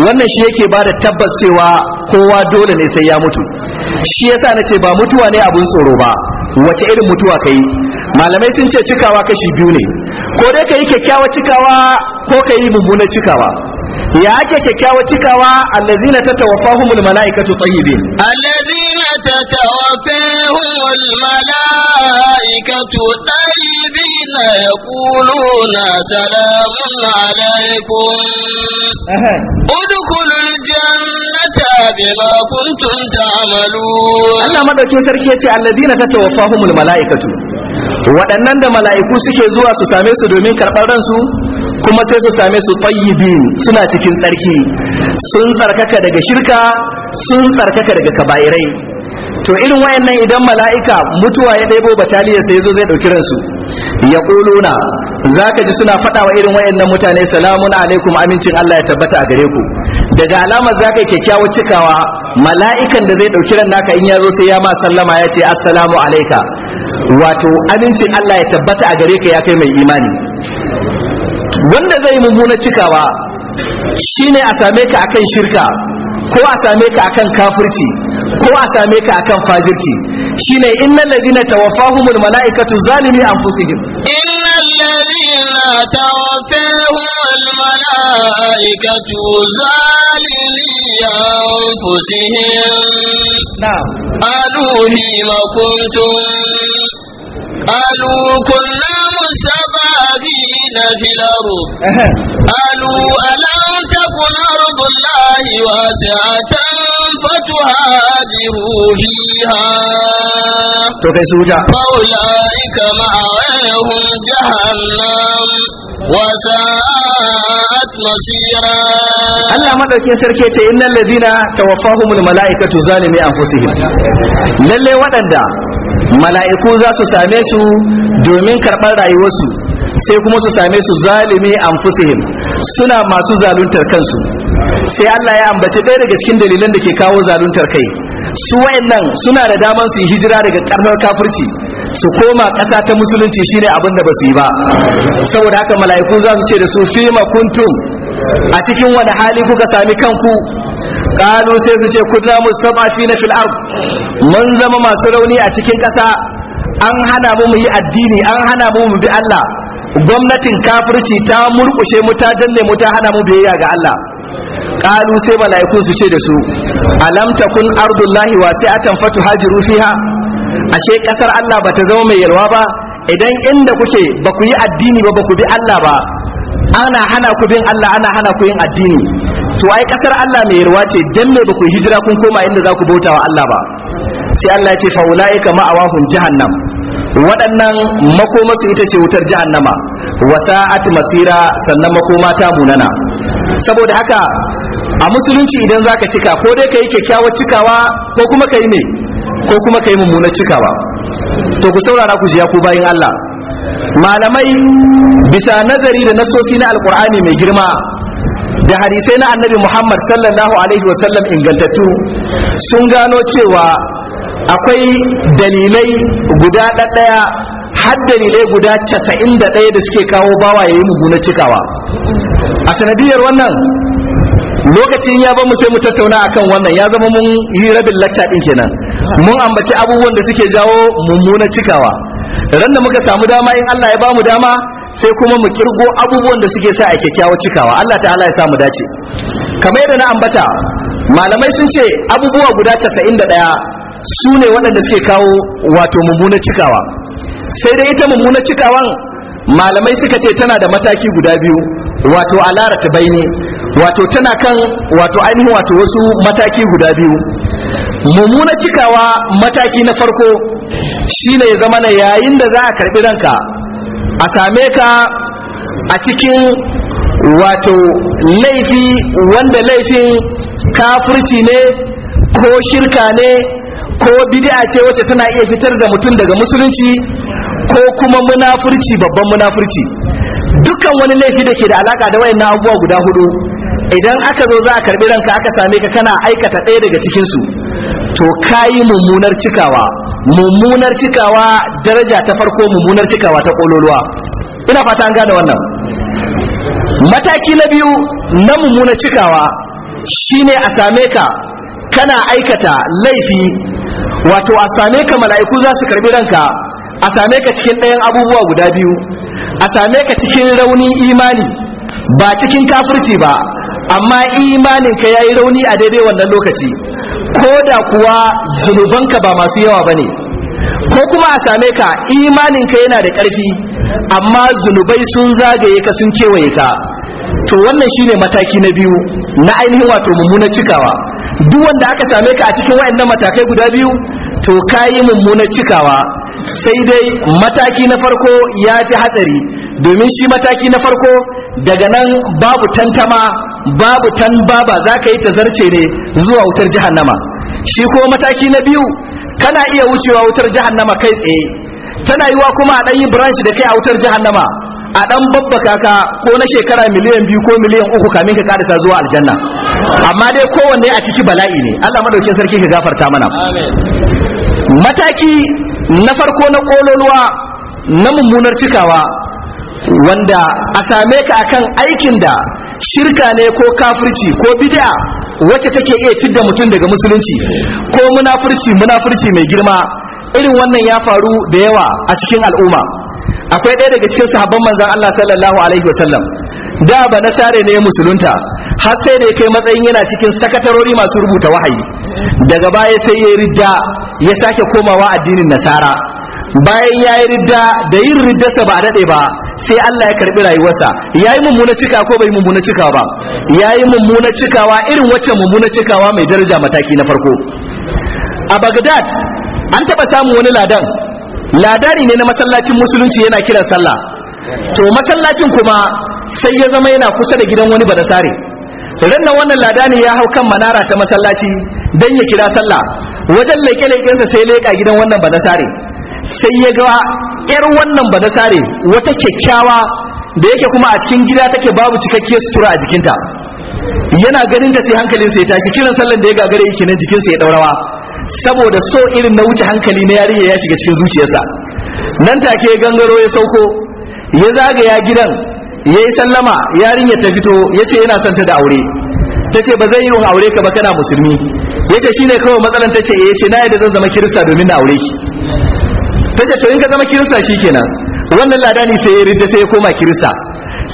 wannan shi yake bada tabbas cewa kowa dole ne sai ya mutu shi yasa nace ba mutuwa ne abun tsoro ba wace irin mutuwa kai malamai sun ce cikawa kashi biyu ne ko dai ka yi kyakkyawa cikawa ko ka yi mummuna cikawa ya ake kyakkyawa cikawa allazina tatawaffahumul malaikatu tayyibin allazina tatawaffahumul malaikatu tayyibin yaquluna salamun alaykum udkhulul jannata bima kuntum ta'malun Allah madaukin sarki yace allazina tatawaffahumul malaikatu waɗannan da mala'iku suke zuwa su same su domin karɓar ransu kuma sai su same su tayyibin suna cikin tsarki sun tsarkaka daga shirka sun tsarkaka daga kaba'irai to irin wayannan idan mala'ika mutuwa ya ɗebo bataliya sai zo zai ɗauki ransu ya ƙuluna za ka ji suna faɗa wa irin wayannan mutane salamun alaikum amincin Allah ya tabbata a gare ku daga alamar za ka kyakkyawar cikawa mala'ikan da zai ɗauki ran naka in ya zo sai ya ma sallama ya ce assalamu alaika wato amincin Allah ya tabbata a gare ka ya kai mai imani wanda zai mummuna cikawa shine a same ka akan shirka ko a same ka akan kafirci ko a same ka akan fajirci shine innal ladina tawaffahumul malaikatu zalimi anfusihim توفيهم الملائكة زالي أنفسهم نعم قالوا فيما كنتم قالوا كنا سبابين في الأرض قالوا ألم تكن أرض الله واسعة فتهاجروا فيها فأولئك معهم جهنم وساءت مصيرا الله ما دوكين سركي ce innal ladina tawaffahumul malaikatu zalimi anfusihim lalle waɗanda mala'iku za su same su domin karɓar rayuwarsu sai kuma su same su zalimi anfusihim suna masu zaluntar kansu sai Allah ya ambaci ɗaya daga cikin dalilan da ke kawo zaluntar kai su wayannan suna da damar su yi hijira daga karbar kafirci su koma ƙasa ta musulunci shine abin da ba su yi ba saboda haka mala'iku za su ce da su fima kuntum a cikin wani hali kuka sami kanku kalu sai su ce fi na fil ard mun zama masu rauni a cikin ƙasa an hana mu yi addini an hana mu bi Allah gwamnatin kafirci ta murkushe mu ta danne mu ta hana mu biyayya ga Allah kalu sai mala'iku su ce da su alam takun ardullahi wasi'atan fatuhajiru fiha ashe kasar Allah ba ta zama mai yarwa ba idan inda kuke ba ku yi addini ba ba ku bi Allah ba ana hana ku bin Allah ana hana ku yin addini to ai kasar Allah mai yalwa ce dan me ba ku hijira kun koma inda za ku bauta wa Allah ba sai Allah ya ce fa ulaika ma'awahum jahannam waɗannan su ita ce wutar jahannama wasa'at masira sannan makoma ta munana saboda haka a musulunci idan zaka cika ko dai kai kyakkyawar cikawa ko kuma kai ne ko kuma ka yi mummunar cikawa to ku saurara ku ji ku bayin Allah malamai bisa nazari da nasosi na alkur'ani mai girma da hadisai na annabi muhammad sallallahu alaihi wasallam ingantattu sun gano cewa akwai dalilai guda ɗaya har dalilai guda casa'in da ɗaya da suke kawo bawa ya yi cikawa a sanadiyar wannan lokacin ya bamu sai mu tattauna akan wannan ya zama mun yi rabin lacca ɗin kenan mun ambaci abubuwan da suke jawo mummuna cikawa ran da muka samu dama in Allah ya bamu dama sai kuma mu kirgo abubuwan da suke sa a kyakkyawa cikawa Allah ta'ala ya samu dace kamar yadda na ambata malamai sun ce abubuwa guda 91 su ne waɗanda suke kawo wato mummuna cikawa sai dai ita mummuna cikawan malamai suka ce tana da mataki guda biyu wato alara ta baini wato tana kan wato ainihin wato wasu mataki guda biyu mummuna cikawa mataki na farko shine ya zama na yayin da za a karbi ranka a same ka a cikin wato laifi wanda laifin kafirci ne ko shirka ne ko bid'a ce wacce tana iya fitar da mutum daga musulunci ko kuma munafurci babban munafurci dukkan wani laifi da ke da alaka da wayannan abubuwa guda hudu idan aka zo za a karbi ranka aka same ka kana aikata ɗaya daga cikinsu to kayi mummunar cikawa mummunar cikawa daraja ta farko mummunar cikawa ta kololuwa ina fata an gane wannan mataki na biyu na mummunar cikawa shine a same ka kana aikata laifi wato a same ka mala'iku za su karbi ranka a same ka cikin ɗayan abubuwa guda biyu a same ka cikin rauni imani ba cikin kafirci ba amma imaninka ya yi rauni a daidai wannan lokaci ko da kuwa zunubanka ba masu yawa ba ne ko kuma a same ka imaninka yana da ƙarfi amma zunubai sun zagaye ka sun kewaye ka to wannan shine mataki na biyu na ainihin wato mummunar cikawa duk wanda aka same ka a cikin na matakai guda biyu to ka yi mummunar cikawa sai dai mataki na farko ya fi hatsari domin shi mataki na farko daga nan babu tantama babu tan baba za ka yi tazarce ne zuwa wutar jahannama shi ko mataki na biyu kana iya wucewa wutar jahannama kai tsaye tana yiwa kuma a ɗanyi yi branch da kai a wutar jahannama a ɗan babba kaka ko na shekara miliyan biyu ko miliyan uku kamin ka karasa zuwa aljanna amma dai kowanne a ciki bala'i ne Allah madaukin sarki ka gafarta mana mataki na farko na kololuwa na mummunar cikawa wanda a same ka akan aikin da shirka ne ko kafirci ko bid'a wacce take iya fidda mutum daga musulunci ko munafurci munafurci mai girma irin wannan ya faru da yawa a cikin al'umma akwai ɗaya daga cikin sahabban manzon Allah sallallahu alaihi wasallam da ba nasare ne musulunta har sai da ya kai matsayin yana cikin sakatarori masu rubuta wahayi daga baya sai ya ridda ya sake komawa addinin nasara bayan ya yi ridda da yin riddarsa ba a daɗe ba sai Allah ya karbi rayuwarsa yayi mummuna cika ko bai mummuna cika ba yayi mummuna cikawa irin wacce mummuna cikawa mai daraja mataki na farko a Baghdad an taba samun wani ladan ladani ne na masallacin musulunci yana kiran sallah to masallacin kuma sai ya zama yana kusa da gidan wani badasare ran wannan ladani ya hau kan manara ta masallaci dan ya kira sallah wajen leƙe lekensa sai leka gidan wannan badasare sai ya ga yar wannan ba sare wata kyakkyawa da yake kuma a cikin gida take babu cikakkiyar sutura a jikinta yana ganin ta sai hankalin ya tashi kiran sallan da ya gagare yake nan sa ya daurawa saboda so irin na wuce hankali na yarinya ya shiga cikin zuciyarsa nan take gangaro ya sauko ya zagaya gidan ya yi sallama yarinya ta fito ya ce yana son ta da aure ta ce ba zai yi aure ka ba kana musulmi yace ce shine kawai matsalan ta ce eh, ya na yadda zan zama kirista domin na aure ki ta ce to in ka zama kirista kenan, wannan ladani sai ya ridda sai ya koma kirista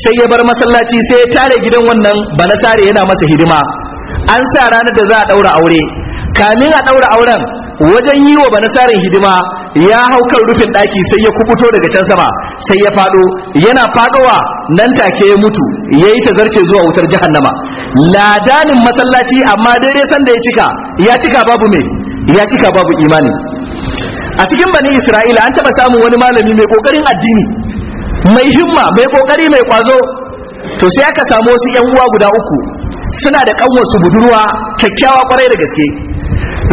sai ya bar masallaci sai ya tare gidan wannan banasare yana masa hidima an sa ranar da za a daura aure kamin a daura auren wajen yi wa banasarin hidima ya hau kan rufin ɗaki sai ya kubuto daga can sama sai ya faɗo yana fadowa nan take ya mutu yayi ta zarce zuwa wutar jahannama ladanin masallaci amma daidai sanda ya cika ya cika babu me ya cika babu imani a cikin bani isra'ila an taɓa samun wani malami mai ƙoƙarin addini mai himma mai ƙoƙari mai ƙwazo to sai aka samu wasu ‘yan uwa guda uku suna da ƙanwarsu budurwa kyakkyawa kwarai da gaske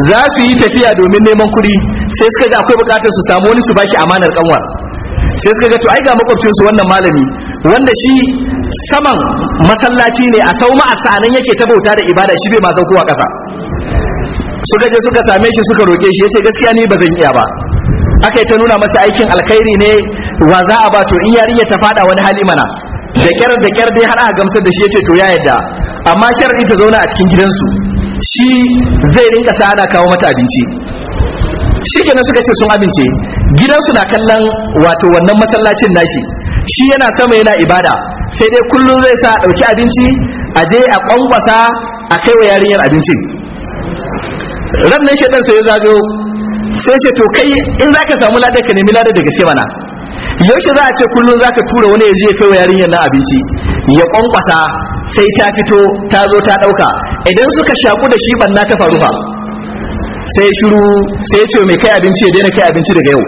za su yi tafiya domin neman kuɗi sai suka ga akwai buƙatar su samu wani su bashi amanar ƙanwar sai suka ga to ai ga makwabcinsu wannan malami wanda shi saman masallaci ne a sau ma'asa nan yake ta bauta da ibada shi bai ma saukowa ƙasa suka je suka same shi suka roke shi yace gaskiya ni ba zan iya ba aka yi ta nuna masa aikin alkhairi ne wa za a ba to in yarinya ta fada wani hali mana da kyar da kyar dai har aka gamsar da shi yace to ya yadda amma sharri ta zauna a cikin gidansu shi zai rinka sa ana kawo mata abinci shi kenan suka ce sun abince gidansu na kallon wato wannan masallacin nashi shi yana sama yana ibada sai dai kullum zai sa ɗauki abinci aje a kwankwasa a kai wa yarinyar abincin ran nan shaidan sai ya zagayo sai ce to kai in zaka samu ladar ka nemi ladar daga mana yaushe za a ce kullum zaka tura wani ya je ya kai wa yarinyar na abinci ya kwankwasa sai ta fito ta zo ta dauka idan suka shaku da shi banna ta faru sai ya shiru sai ya ce mai kai abinci ya daina kai abinci daga yau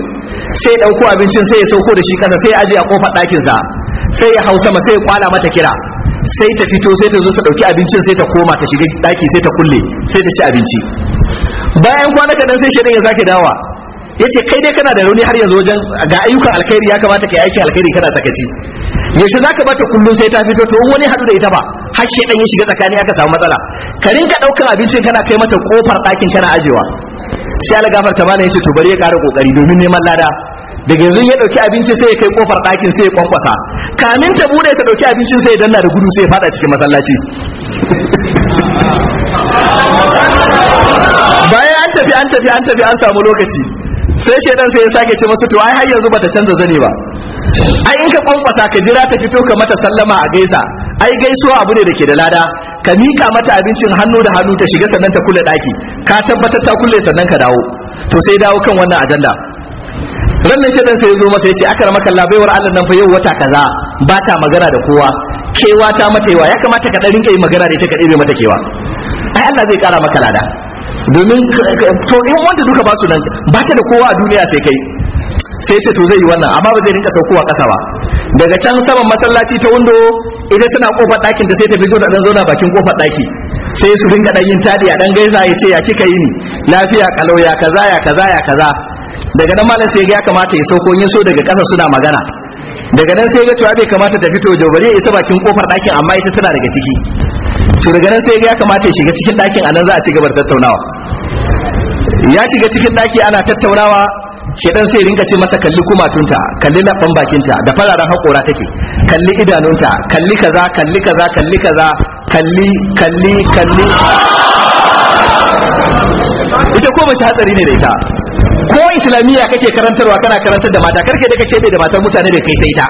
sai ya dauko abincin sai ya sauko da shi kasa sai ya aje a kofar ɗakin sa sai ya hau sama sai ya kwala mata kira sai ta fito sai ta zo ta ɗauki abincin sai ta koma ta shiga ɗaki sai ta kulle sai ta ci abinci bayan kwana kadan sai shedan ya sake dawa yace kai dai kana da rauni har yanzu wajen ga ayyukan alkhairi ya kamata ka aiki aikin alkhairi kana sakaci yaushe za ka bata kullun sai ta fito to wani hadu da ita ba har shedan ya shiga tsakani aka samu matsala ka rinka daukar abinci kana kai mata kofar ɗakin kana ajewa sai ala gafar ta mana ya ce to bari ya ƙara ƙoƙari domin neman lada daga yanzu ya dauki abinci sai ya kai kofar ɗakin sai ya kwankwasa kamin ta bude ta dauki abincin sai ya danna da gudu sai ya fada cikin masallaci tafi an tafi an tafi an samu lokaci sai shedan sai ya sake ce masu to ai har yanzu bata canza zane ba ai in ka kwankwasa ka jira ta fito ka mata sallama a gaisa ai gaisuwa abu ne da ke da lada ka mika mata abincin hannu da hannu ta shiga sannan ta kulle daki ka tabbatar ta kulle sannan ka dawo to sai dawo kan wannan ajanda rannan shedan sai ya zo masa ya ce akar maka labaiwar Allah nan fa yau wata kaza ba ta magana da kowa kewa ta mata yawa ya kamata ka dan yi magana da ita ka ɗebe mata kewa ai Allah zai kara maka lada domin to in wanda duka ba su nan ba ta da kowa a duniya sai kai sai ce to zai yi wannan amma ba zai rinka saukowa ƙasa ba daga can saman masallaci ta wando idan suna kofar ɗakin ta sai ta fito da ɗan zauna bakin kofar ɗaki sai su rinka ɗan yin taɗi a ɗan gaisa ya ce ya kika yi ni lafiya kalau ya kaza ya kaza ya kaza daga nan malam sai ya kamata ya sauko yin so daga ƙasa suna magana daga nan sai ya cewa bai kamata ta fito da bari ya isa bakin kofar ɗakin amma ita tana daga ciki to daga nan sai ya kamata ya shiga cikin ɗakin a nan za a ci gaba da tattaunawa ya shiga cikin daki ana tattaunawa shedan sai rinka ce masa kalli kumatunta kalli labban bakinta da fararen haƙora take kalli idanunta kalli kaza kalli kaza kalli kaza kalli kalli kalli ita ko mace hatsari ne da ita ko islamiyya kake karantarwa kana karantar da mata karke da kake da matar mutane da kai sai ita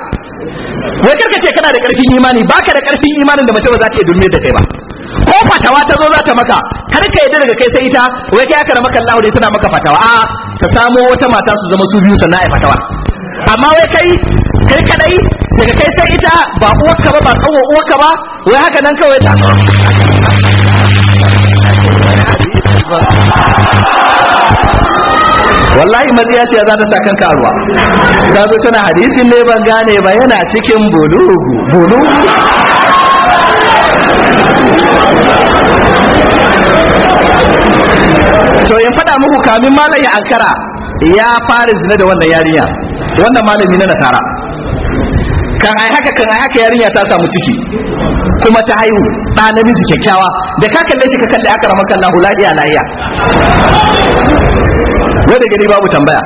wai karka ce kana da karfin imani baka da karfin imanin da mace ba za ta yi dulme da kai ba ko fatawa ta zo za ta maka kar ka yadda daga kai sai ita wai kai aka maka Allah tana maka fatawa a ta samo wata mata su zama su biyu sannan ai fatawa amma wai kai kai kadai daga kai sai ita ba uwarka ba ba kawo uwarka ba wai haka nan kawai ta wallahi maziya ce za ta sa kanka a ruwa ta zo tana hadisin ne ban gane ba yana cikin bulugu bulugu to in faɗa muku kamin malam ankara ya fara zina da wannan yarinya wannan malami na nasara kan ai haka kan ai haka yarinya ta samu ciki kuma ta haihu ɗa namiji kyakkyawa da ka kalle shi ka kalle aka rama kan lahu lahiya wai da gari babu tambaya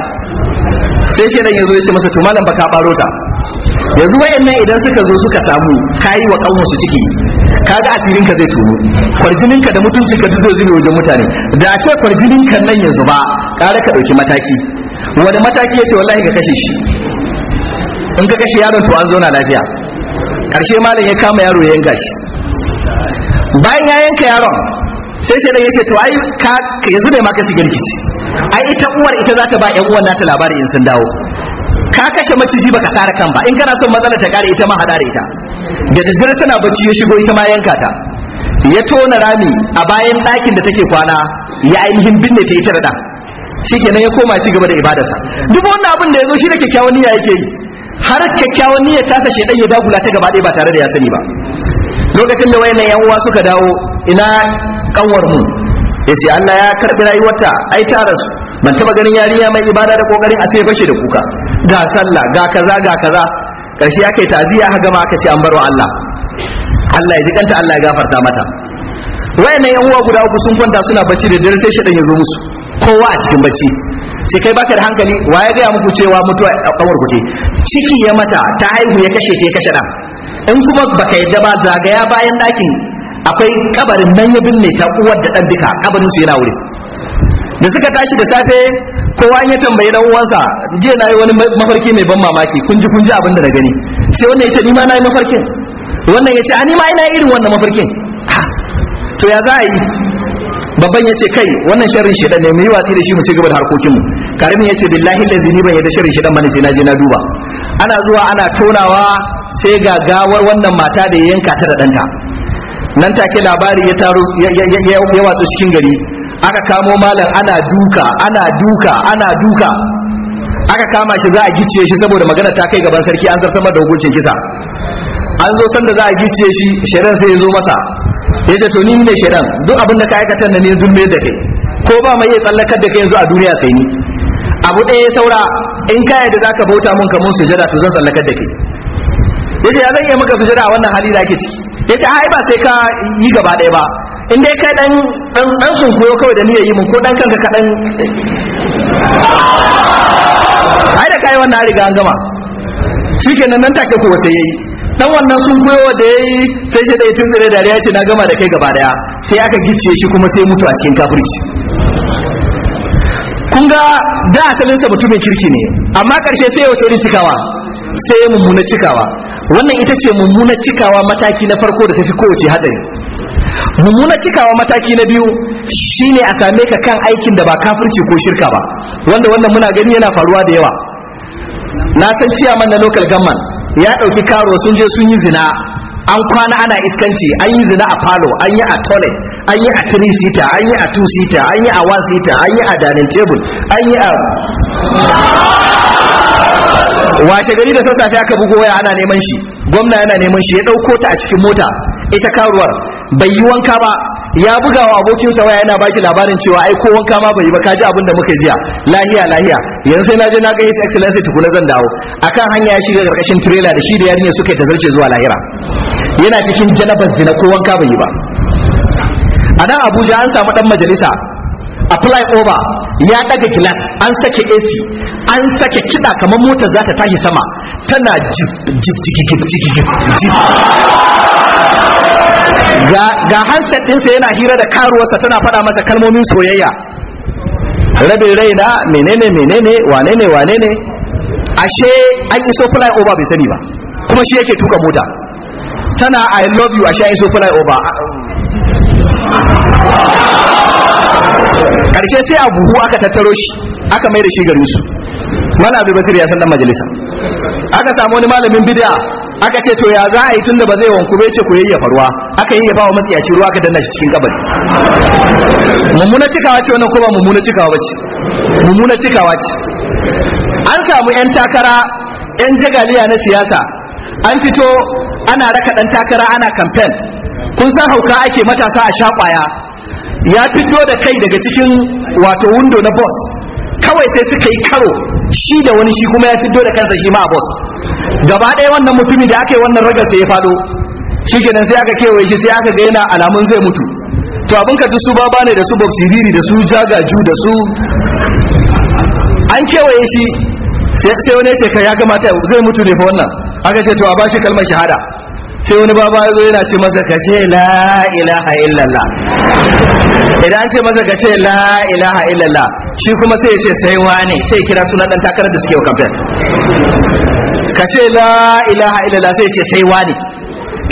sai shi nan yanzu ya ce masa to malam baka baro ta yanzu wayannan idan suka zo suka samu kayi wa su ciki kaga asirin ka zai tono kwarjinin ka da mutuncin ka zai zube wajen mutane da a ce kwarjinin ka nan ya zuba kare ka dauki mataki wani mataki yace wallahi ka kashe shi in ka kashe yaron to an zauna lafiya karshe malam ya kama yaro ya yanka shi bayan ya yanka yaron sai sai dan yace to ai ka yanzu ne ma ka shiga rikici ai ita uwar ita za ta ba yan uwan nata labarin in sun dawo ka kashe maciji baka sare kan ba in kana son matsalar ta kare ita ma hada da ita da daddare tana bacci ya shigo ita ma yanka ta ya tona rami a bayan ɗakin da take kwana ya ainihin binne ta ita da shikenan ya koma ci gaba da ibadarsa duk wannan abin da ya zo shi da kyakkyawan niyya yake yi har kyakkyawan niyyar tasa shedan ya dagula ta gaba ɗaya ba tare da ya sani ba lokacin da wayannan yan uwa suka dawo ina kanwar mu yace Allah ya karbi rayuwarta ai ta rasu ban taba ganin yariya mai ibada da kokarin a sai fashe da kuka ga sallah ga kaza ga kaza karshe aka yi ta'aziyya aka gama aka ce an barwa Allah Allah ya ji kanta Allah ya gafarta mata wayannan yan uwa guda uku sun kwanta suna bacci da dare sai shedan ya zo musu kowa a cikin bacci sai kai baka da hankali wa ya gaya muku cewa mutuwa kawar ku ce ciki ya mata ta haihu ya kashe ya kashe dan in kuma baka yadda ba zagaya bayan dakin akwai kabarin nan ya binne ta uwar da ɗan duka kabarin su yana wuri da suka tashi da safe kowa ya tambayi dan uwansa jiya na yi wani mafarki mai ban mamaki kun ji kun ji abin da na gani sai wannan ya ce ni ma na yi mafarkin wannan ya ce a ni ma ina irin wannan mafarkin to ya za a yi babban ya ce kai wannan sharrin shedan ne mu yi watsi da shi mu ci gaba da harkokinmu karimin ya ce billahi lazi ni ban yadda sharrin shedan bane sai na je na duba ana zuwa ana tonawa sai ga gawar wannan mata da ya yanka ta da ɗanta nan take labari ya taro ya watsu cikin gari aka kamo malam ana duka ana duka ana duka aka kama shi za a gicciye shi saboda magana ta kai gaban sarki an zartar da hukuncin kisa an zo sanda za a gicciye shi shaidan sai ya zo masa ya ce to ni ne shaidan duk abin da ka aikata na ne zulme da kai ko ba mai ya tsallakar da kai yanzu a duniya sai ni abu ɗaya ya saura in ka yadda za ka bauta mun kamun sujada to zan tsallakar da kai ya ce ya zan iya maka sujada a wannan hali da ake ciki ya ce ai ba sai ka yi gaba ɗaya ba in dai ka dan dan dan sun koyo kawai da niyyar yi mun ko dan kanka ka dan ai da kai wannan riga an gama shikenan nan take ko sai yayi dan wannan sun koyo da yayi sai shi dai tun dare dariya ce na gama da kai gaba daya sai aka gice shi kuma sai mutu a cikin kafirci kun ga da asalin sa mutumin kirki ne amma karshe sai ya wuce cikawa sai mummuna cikawa wannan ita ce mummuna cikawa mataki na farko da tafi kowace hadari mummunar cikawa mataki na biyu shine a same ka kan aikin da ba kafirci ko shirka ba wanda wannan muna gani yana faruwa da yawa na san ciyaman na local gamman ya ɗauki karo sun je sun yi zina an kwana ana iskanci an yi zina a falo an yi a toilet an yi a three seater an yi a two seater an yi a one seater an yi a dining table an yi a washe gari da sassafe aka bugo waya ana neman shi gwamna yana neman shi ya ɗauko ta a cikin mota ita karuwar bai yi wanka ba ya buga wa abokinsa waya yana baki labarin cewa ai ko wanka ma bai yi ba kaji abin da muka jiya lahiya lahiya yanzu sai na je na ga his excellency tukuna zan dawo akan hanya ya shiga karkashin trailer da shi da yarinya suka tazarce zuwa lahira yana cikin janabar zina ko wanka bai yi ba a nan abuja an samu dan majalisa apply over ya daga glass an sake ac an sake kiɗa kamar motar za ta tashi sama tana jib ga hanset ɗinsa yana hira da karuwarsa tana faɗa masa kalmomin soyayya rabin raina menene menene Wanene? Wanene? ashe an iso fly over bai sani ba kuma shi yake tuka mota tana i love you ashe an iso fly over karshe sai a buhu aka tattaro shi aka mai da shi garinsu Mana abu basir ya san dan majalisa aka samu wani malamin bid'a aka ce to ya za a yi tun da ba zai wanku bai ce ku yayyafa faruwa? aka yi yayyafa wa matsiyaci ruwa ka danna shi cikin kabari mummuna cikawa ce wannan kuma mummuna cikawa ba ce mummuna cikawa ce an samu yan takara yan jagaliya na siyasa an fito ana raka dan takara ana campaign kun san hauka ake matasa a shakwaya ya fito da kai daga cikin wato window na boss kawai sai suka yi karo shi da wani shi kuma ya fiddo da kansa shi ma a bus gaba ɗaya wannan mutumi da aka yi wannan ragar sai ya fado shi kenan sai aka kewaye shi sai aka ga yana alamun zai mutu to abin ka su baba ne da su bob siriri da su jagaju da su an kewaye shi sai wani ce ka ya gama ta zai mutu ne fa wannan aka ce to a bashi kalmar shahada sai wani baba ya zo yana ce masa ka ce la ilaha illallah idan an ce masa ka ce la ilaha illallah shi kuma sai ya ce sai wane sai kira sunan dan takarar da suke yau kamfen ka ce la ilaha illallah sai ya ce sai wane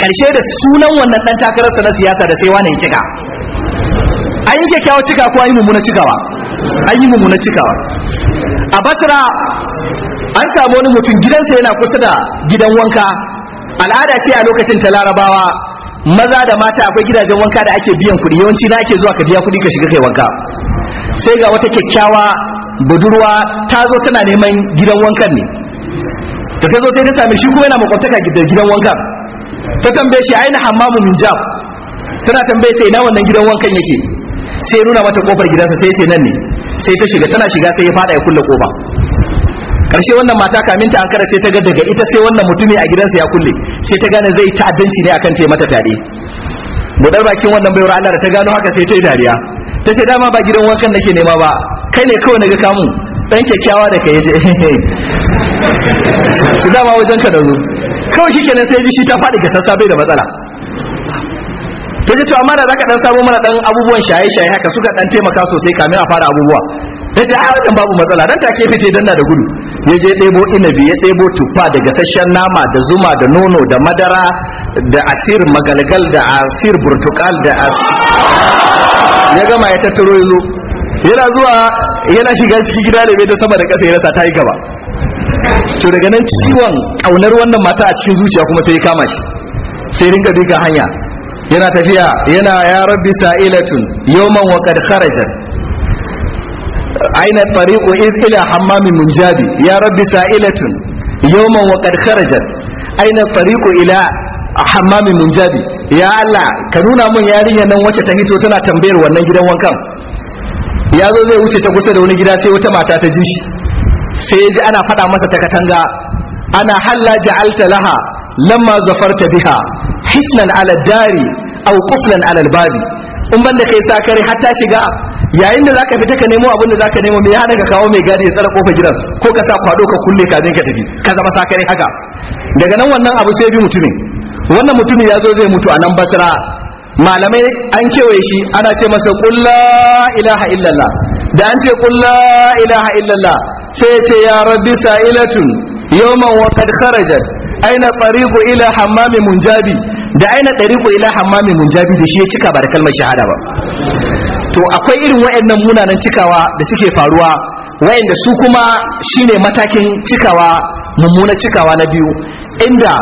karshe da sunan wannan dan takararsa na siyasa da sai wane ya cika an yi kyakkyawa cika ko an yi mummuna cikawa an yi mummuna cikawa a basra an samu wani mutum gidansa yana kusa da gidan wanka al'ada ce a lokacin ta larabawa maza da mata akwai gidajen wanka da ake biyan kuɗi yawanci na ake zuwa ka biya kuɗi ka shiga kai wanka sai ga wata kyakkyawa budurwa ta zo tana neman gidan wankan ne ta ta zo sai ta sami shi kuma yana makwabtaka da gidan wankan ta tambaye shi aina hammamu min jam tana tambaye sai ina wannan gidan wankan yake sai nuna mata kofar gidansa sai ce nan ne sai ta shiga tana shiga sai ya fada ya kulle kofa karshe wannan mata kamin ta ankara sai ta ga daga ita sai wannan mutumi a gidansa ya kulle sai ta gane zai ta'addanci ne akan ta mata fyaɗe budar bakin wannan baiwar Allah da ta gano haka sai ta yi dariya ta ce dama ba gidan wankan nake nema ba kai ne kawai naga kamun dan kyakkyawa da kai je [laughs] su dama wajen ka da zo kawai shi kenan sai ji shi ta faɗi gasar sassa da matsala ta ce to amma da zaka dan samu mana ɗan abubuwan shaye shaye haka suka dan taimaka sosai kamin a fara abubuwa ta ce a ah, wajen babu matsala dan take fice na da gudu ya je ɗebo inabi ya ɗebo tufa da gasasshen nama da zuma da nono da madara da asir magalgal da asir burtukal da asir ya gama ya tattaro ya zo yana zuwa yana shiga cikin gida da bai ta sama da ƙasa ya rasa ta yi gaba to daga nan ciwon ƙaunar wannan mata a cikin zuciya kuma sai ya kama shi sai rinka duka hanya yana tafiya yana ya rabbi sa'ilatun yawman wa qad kharajat aina tariqu iz ila hammamin munjabi ya rabbi sa'ilatun yawman wa qad kharajat aina tariqu ila hammamin munjabi ya Allah ka nuna mun yarinyar nan wacce ta hito tana tambayar wannan gidan wankan ya zo zai wuce ta kusa da wani gida sai wata mata ta ji shi sai ya ji ana faɗa masa ta katanga ana halla ja'alta laha lamma zafarta biha hisnan ala dari aw quflan ala albabi in banda kai sakare har ta shiga yayin da zaka fita ka nemo abin da zaka nemo me ya hada ka kawo mai gadi ya tsara kofar gidan ko ka sa kwado ka kulle ka ka tafi ka zama sakare haka daga nan wannan abu sai bi mutumin wannan mutumin ya zo zai mutu a nan basra malamai an kewaye shi ana ce masa kulla ilaha illallah da an ce kulla ilaha illallah sai ya ce ya rabbi sa'ilatun yawman wa qad kharajat aina tariqu ila hammami munjabi da aina tariqu ila hammami munjabi da shi ya cika ba da kalmar shahada ba to akwai irin waɗannan munanan cikawa da suke faruwa waɗanda su kuma shine matakin cikawa mummuna cikawa na biyu inda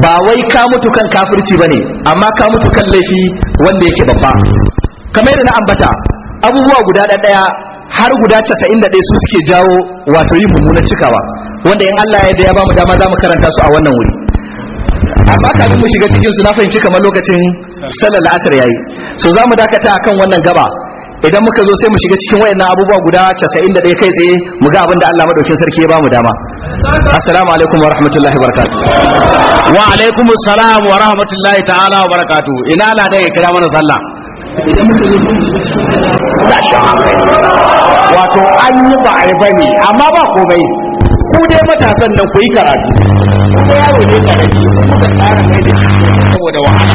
ba wai ka mutu kan kafirci bane amma ka mutu kan laifi wanda yake babba kamar yadda na ambata abubuwa guda ɗaya har guda casa'in 91 su suke jawo wato yin mummunan cikawa wanda in Allah ya ya bamu dama mu karanta su a wannan wuri amma kafin mu shiga cikin su na fahimci kamar lokacin sallar asar yayi so za mu dakata akan wannan gaba idan muka zo sai mu shiga cikin wayannan abubuwa guda 91 kai tsaye mu ga abin da Allah madaukin sarki ya ba mu dama assalamu alaikum wa rahmatullahi wa barakatuh wa alaikum assalam wa rahmatullahi ta'ala wa barakatuh ina la dai kira mana sallah wato an yi ba a yi bane amma ba komai ku dai matasan nan ku yi karatu kuma yaro ne karatu kuma ka tsara kai da shi saboda wahala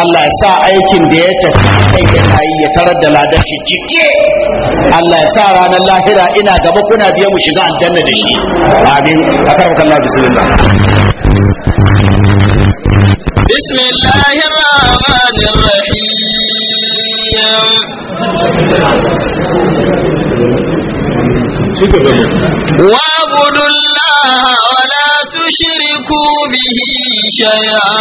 Allah ya sa aikin da ya tafi kai da kayi ya tarar da ladar shi jike Allah ya sa ranar lahira ina gaba kuna biye mu shiga aljanna da shi amin akarbuka Allah bismillah بسم الله الرحمن الرحيم واعبدوا تشركوا به شيئا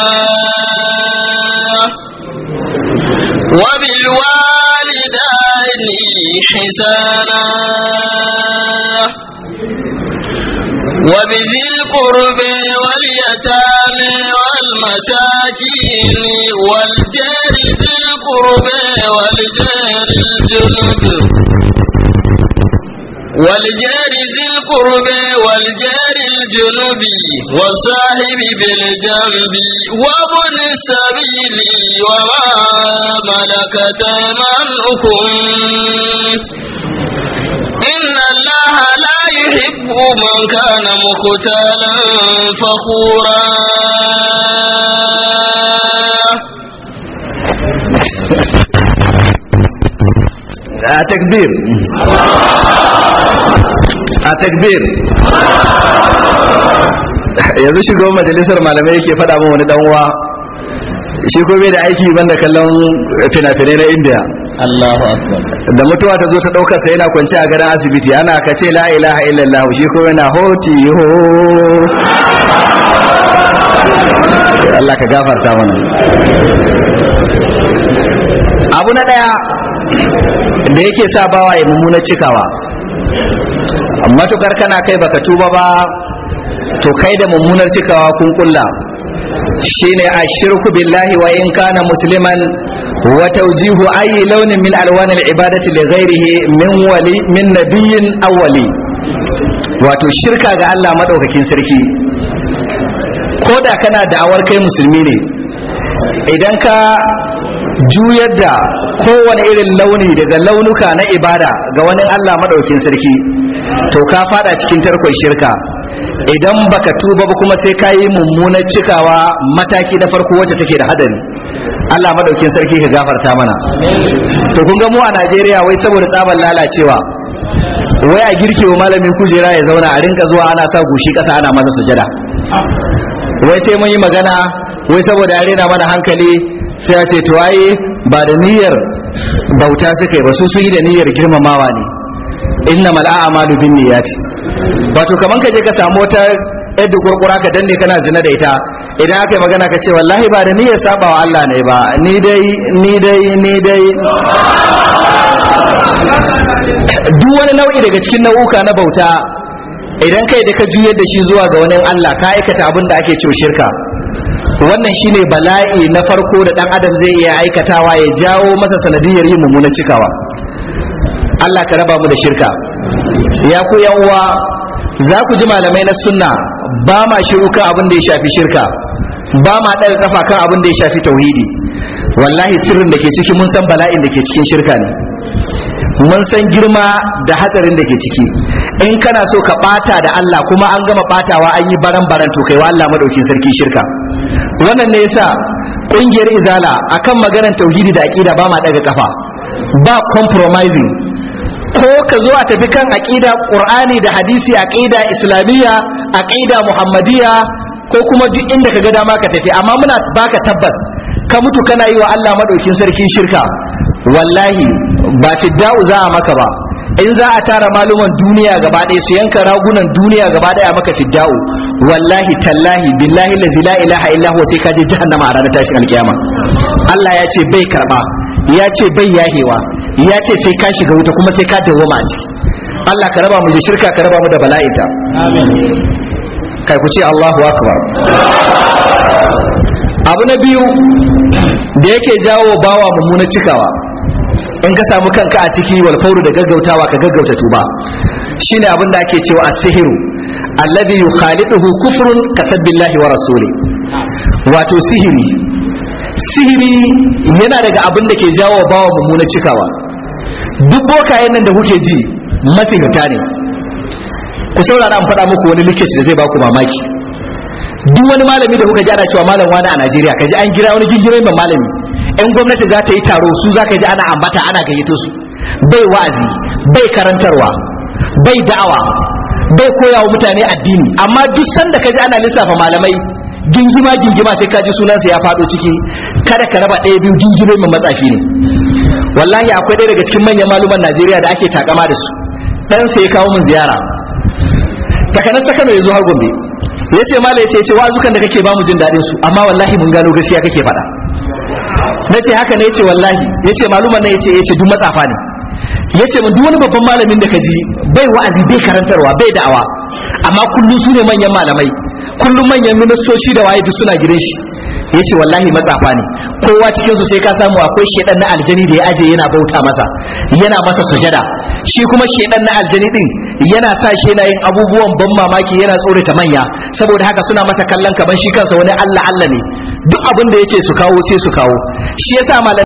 وبالوالدين حسانا وبذي القرب واليتامى والمساكين والجار ذي القرب والجار الجنب والجار ذي القرب والجار الجنب والصاحب بالجنب وابن السبيل وما ملكت منكم إن الله لا يحب من كان مختالا فخورا [laughs] a takbir a takbir yanzu shigo majalisar malamai yake faɗa min wani dan uwa shi ko bai da aiki banda kallon fina-finai na indiya Allahu akbar da mutuwa ta zo ta ɗauka sai yana kwance a gadon asibiti ana ka ce la ilaha illallah shi ko yana hoti ho Allah ka gafarta mana abu na daya da yake sa bawa ya mummuna cikawa matukar kana kai baka tuba ba to kai da mummunar cikawa kun kulla shine ashirku billahi wa in kana musliman wa tawjihu ayi launin min alwan al'ibadati li ghairihi min wali min nabiyyin awwali wato shirka ga Allah madaukakin sarki ko da kana da'awar kai musulmi ne idan ka juyar da kowane irin launi daga launuka na ibada ga wani Allah madaukin sarki to ka fada cikin tarkon shirka idan baka tuba ba kuma sai kayi mummunar cikawa mataki da farko wacce take da hadari Allah madaukin sarki ka gafarta mana to kun ga mu a Najeriya wai saboda tsaban lalacewa wai a girki wa malamin kujera ya zauna a rinka zuwa ana sa gushi kasa ana masa sujada wai sai mun yi magana wai saboda ya rena mana hankali sai ya ce to ba da niyyar bauta suka yi ba su yi da niyyar girmamawa ne inna mal'a amalu bin Ba wato kaman ka je ka samu wata yadda kurkura ka danne kana zina da ita idan aka yi magana ka ce wallahi ba da niyyar sabawa Allah ne ba ni dai ni dai ni dai duk wani nau'i daga cikin nau'uka na bauta idan kai da ka juyar da shi zuwa ga wani Allah ka aikata abin da ake cewa shirka wannan shine bala'i na farko da dan adam zai iya aikatawa ya jawo masa sanadiyar yin mummunan cikawa Allah ka raba mu da shirka ya ku yan uwa za ku ji malamai na sunna ba ma shiru kan abin da ya shafi shirka ba ma ɗaya kafa kan abin da ya shafi tauhidi wallahi sirrin da ke ciki mun san bala'in da ke cikin shirka ne mun san girma da hatsarin da ke ciki in kana so ka bata da Allah kuma an gama batawa an yi baran baran to wa Allah madaukin sarki shirka wannan ne yasa ƙungiyar izala akan maganar tauhidi da Aqida ba ma daga kafa ba compromising ko ka zo a tafi kan Aqida ƙur'ani da hadisi Aqida islamiyya Aqida muhammadiyya ko kuma duk inda ka ga dama ka tafi amma muna baka tabbas ka mutu kana yi wa Allah madaukin sarki shirka wallahi ba fidda'u za a maka ba in za a tara maluman duniya gaba ɗaya su yanka ragunan duniya gaba ɗaya maka fidda'u wallahi tallahi billahi lazi la ilaha illa huwa sai ka je jahannama a ranar tashin alkiyama Allah ya ce bai karba ya ce bai yahewa ya ce sai ka shiga wuta kuma sai ka dawoma a ciki Allah ka raba mu da shirka ka raba mu da bala'ita amin kai ku ce Allahu akbar abu na biyu da yake jawo bawa mummuna cikawa in ka samu kanka a ciki wal fawru da gaggautawa ka gaggauta tuba shine abin da ake cewa as-sihiru alladhi yukhaliduhu kufrun ka wa rasuli wato sihiri sihiri yana daga abin da ke jawo bawa mummuna cikawa duk bokayen nan da kuke ji masihirta ne ku saurara an faɗa muku wani likeci da zai baku mamaki duk wani malami da kuka ji ana cewa malam wani a Najeriya kaji an gira wani gingirai mai malami in gwamnati za ta yi taro su za ka ji ana ambata ana gayyato su bai wa'azi bai karantarwa bai da'awa bai koyawa mutane addini amma duk sanda ka ji ana lissafa malamai gingima gingima sai ka ji sunansa ya faɗo ciki kada ka raba ɗaya biyu gingime mai matsafi ne wallahi akwai ɗaya daga cikin manyan maluman najeriya da ake takama da su sai ya kawo min ziyara takanar sakano ya zo har gombe ya ce mala ya ce wazukan da kake ba mu jin daɗin su amma wallahi mun gano gaskiya kake faɗa na ce haka ne yace wallahi ya yace maluman na yace yace duk matsafa ne yace mun duk wani babban malamin da ka ji bai wa'azi bai karantarwa bai da'awa amma kullum su ne manyan malamai kullum manyan ministoci da waye duk suna gidan shi ya ce wallahi matsafa ne kowa cikinsu sai ka samu akwai shedan na aljani da ya aje yana bauta masa yana masa sujada shi kuma shedan na aljani din yana sa shi yana yin abubuwan ban mamaki yana tsorata manya saboda haka suna masa kallon kaman shi kansa wani allah allah ne duk abin da yake su kawo sai su kawo shi yasa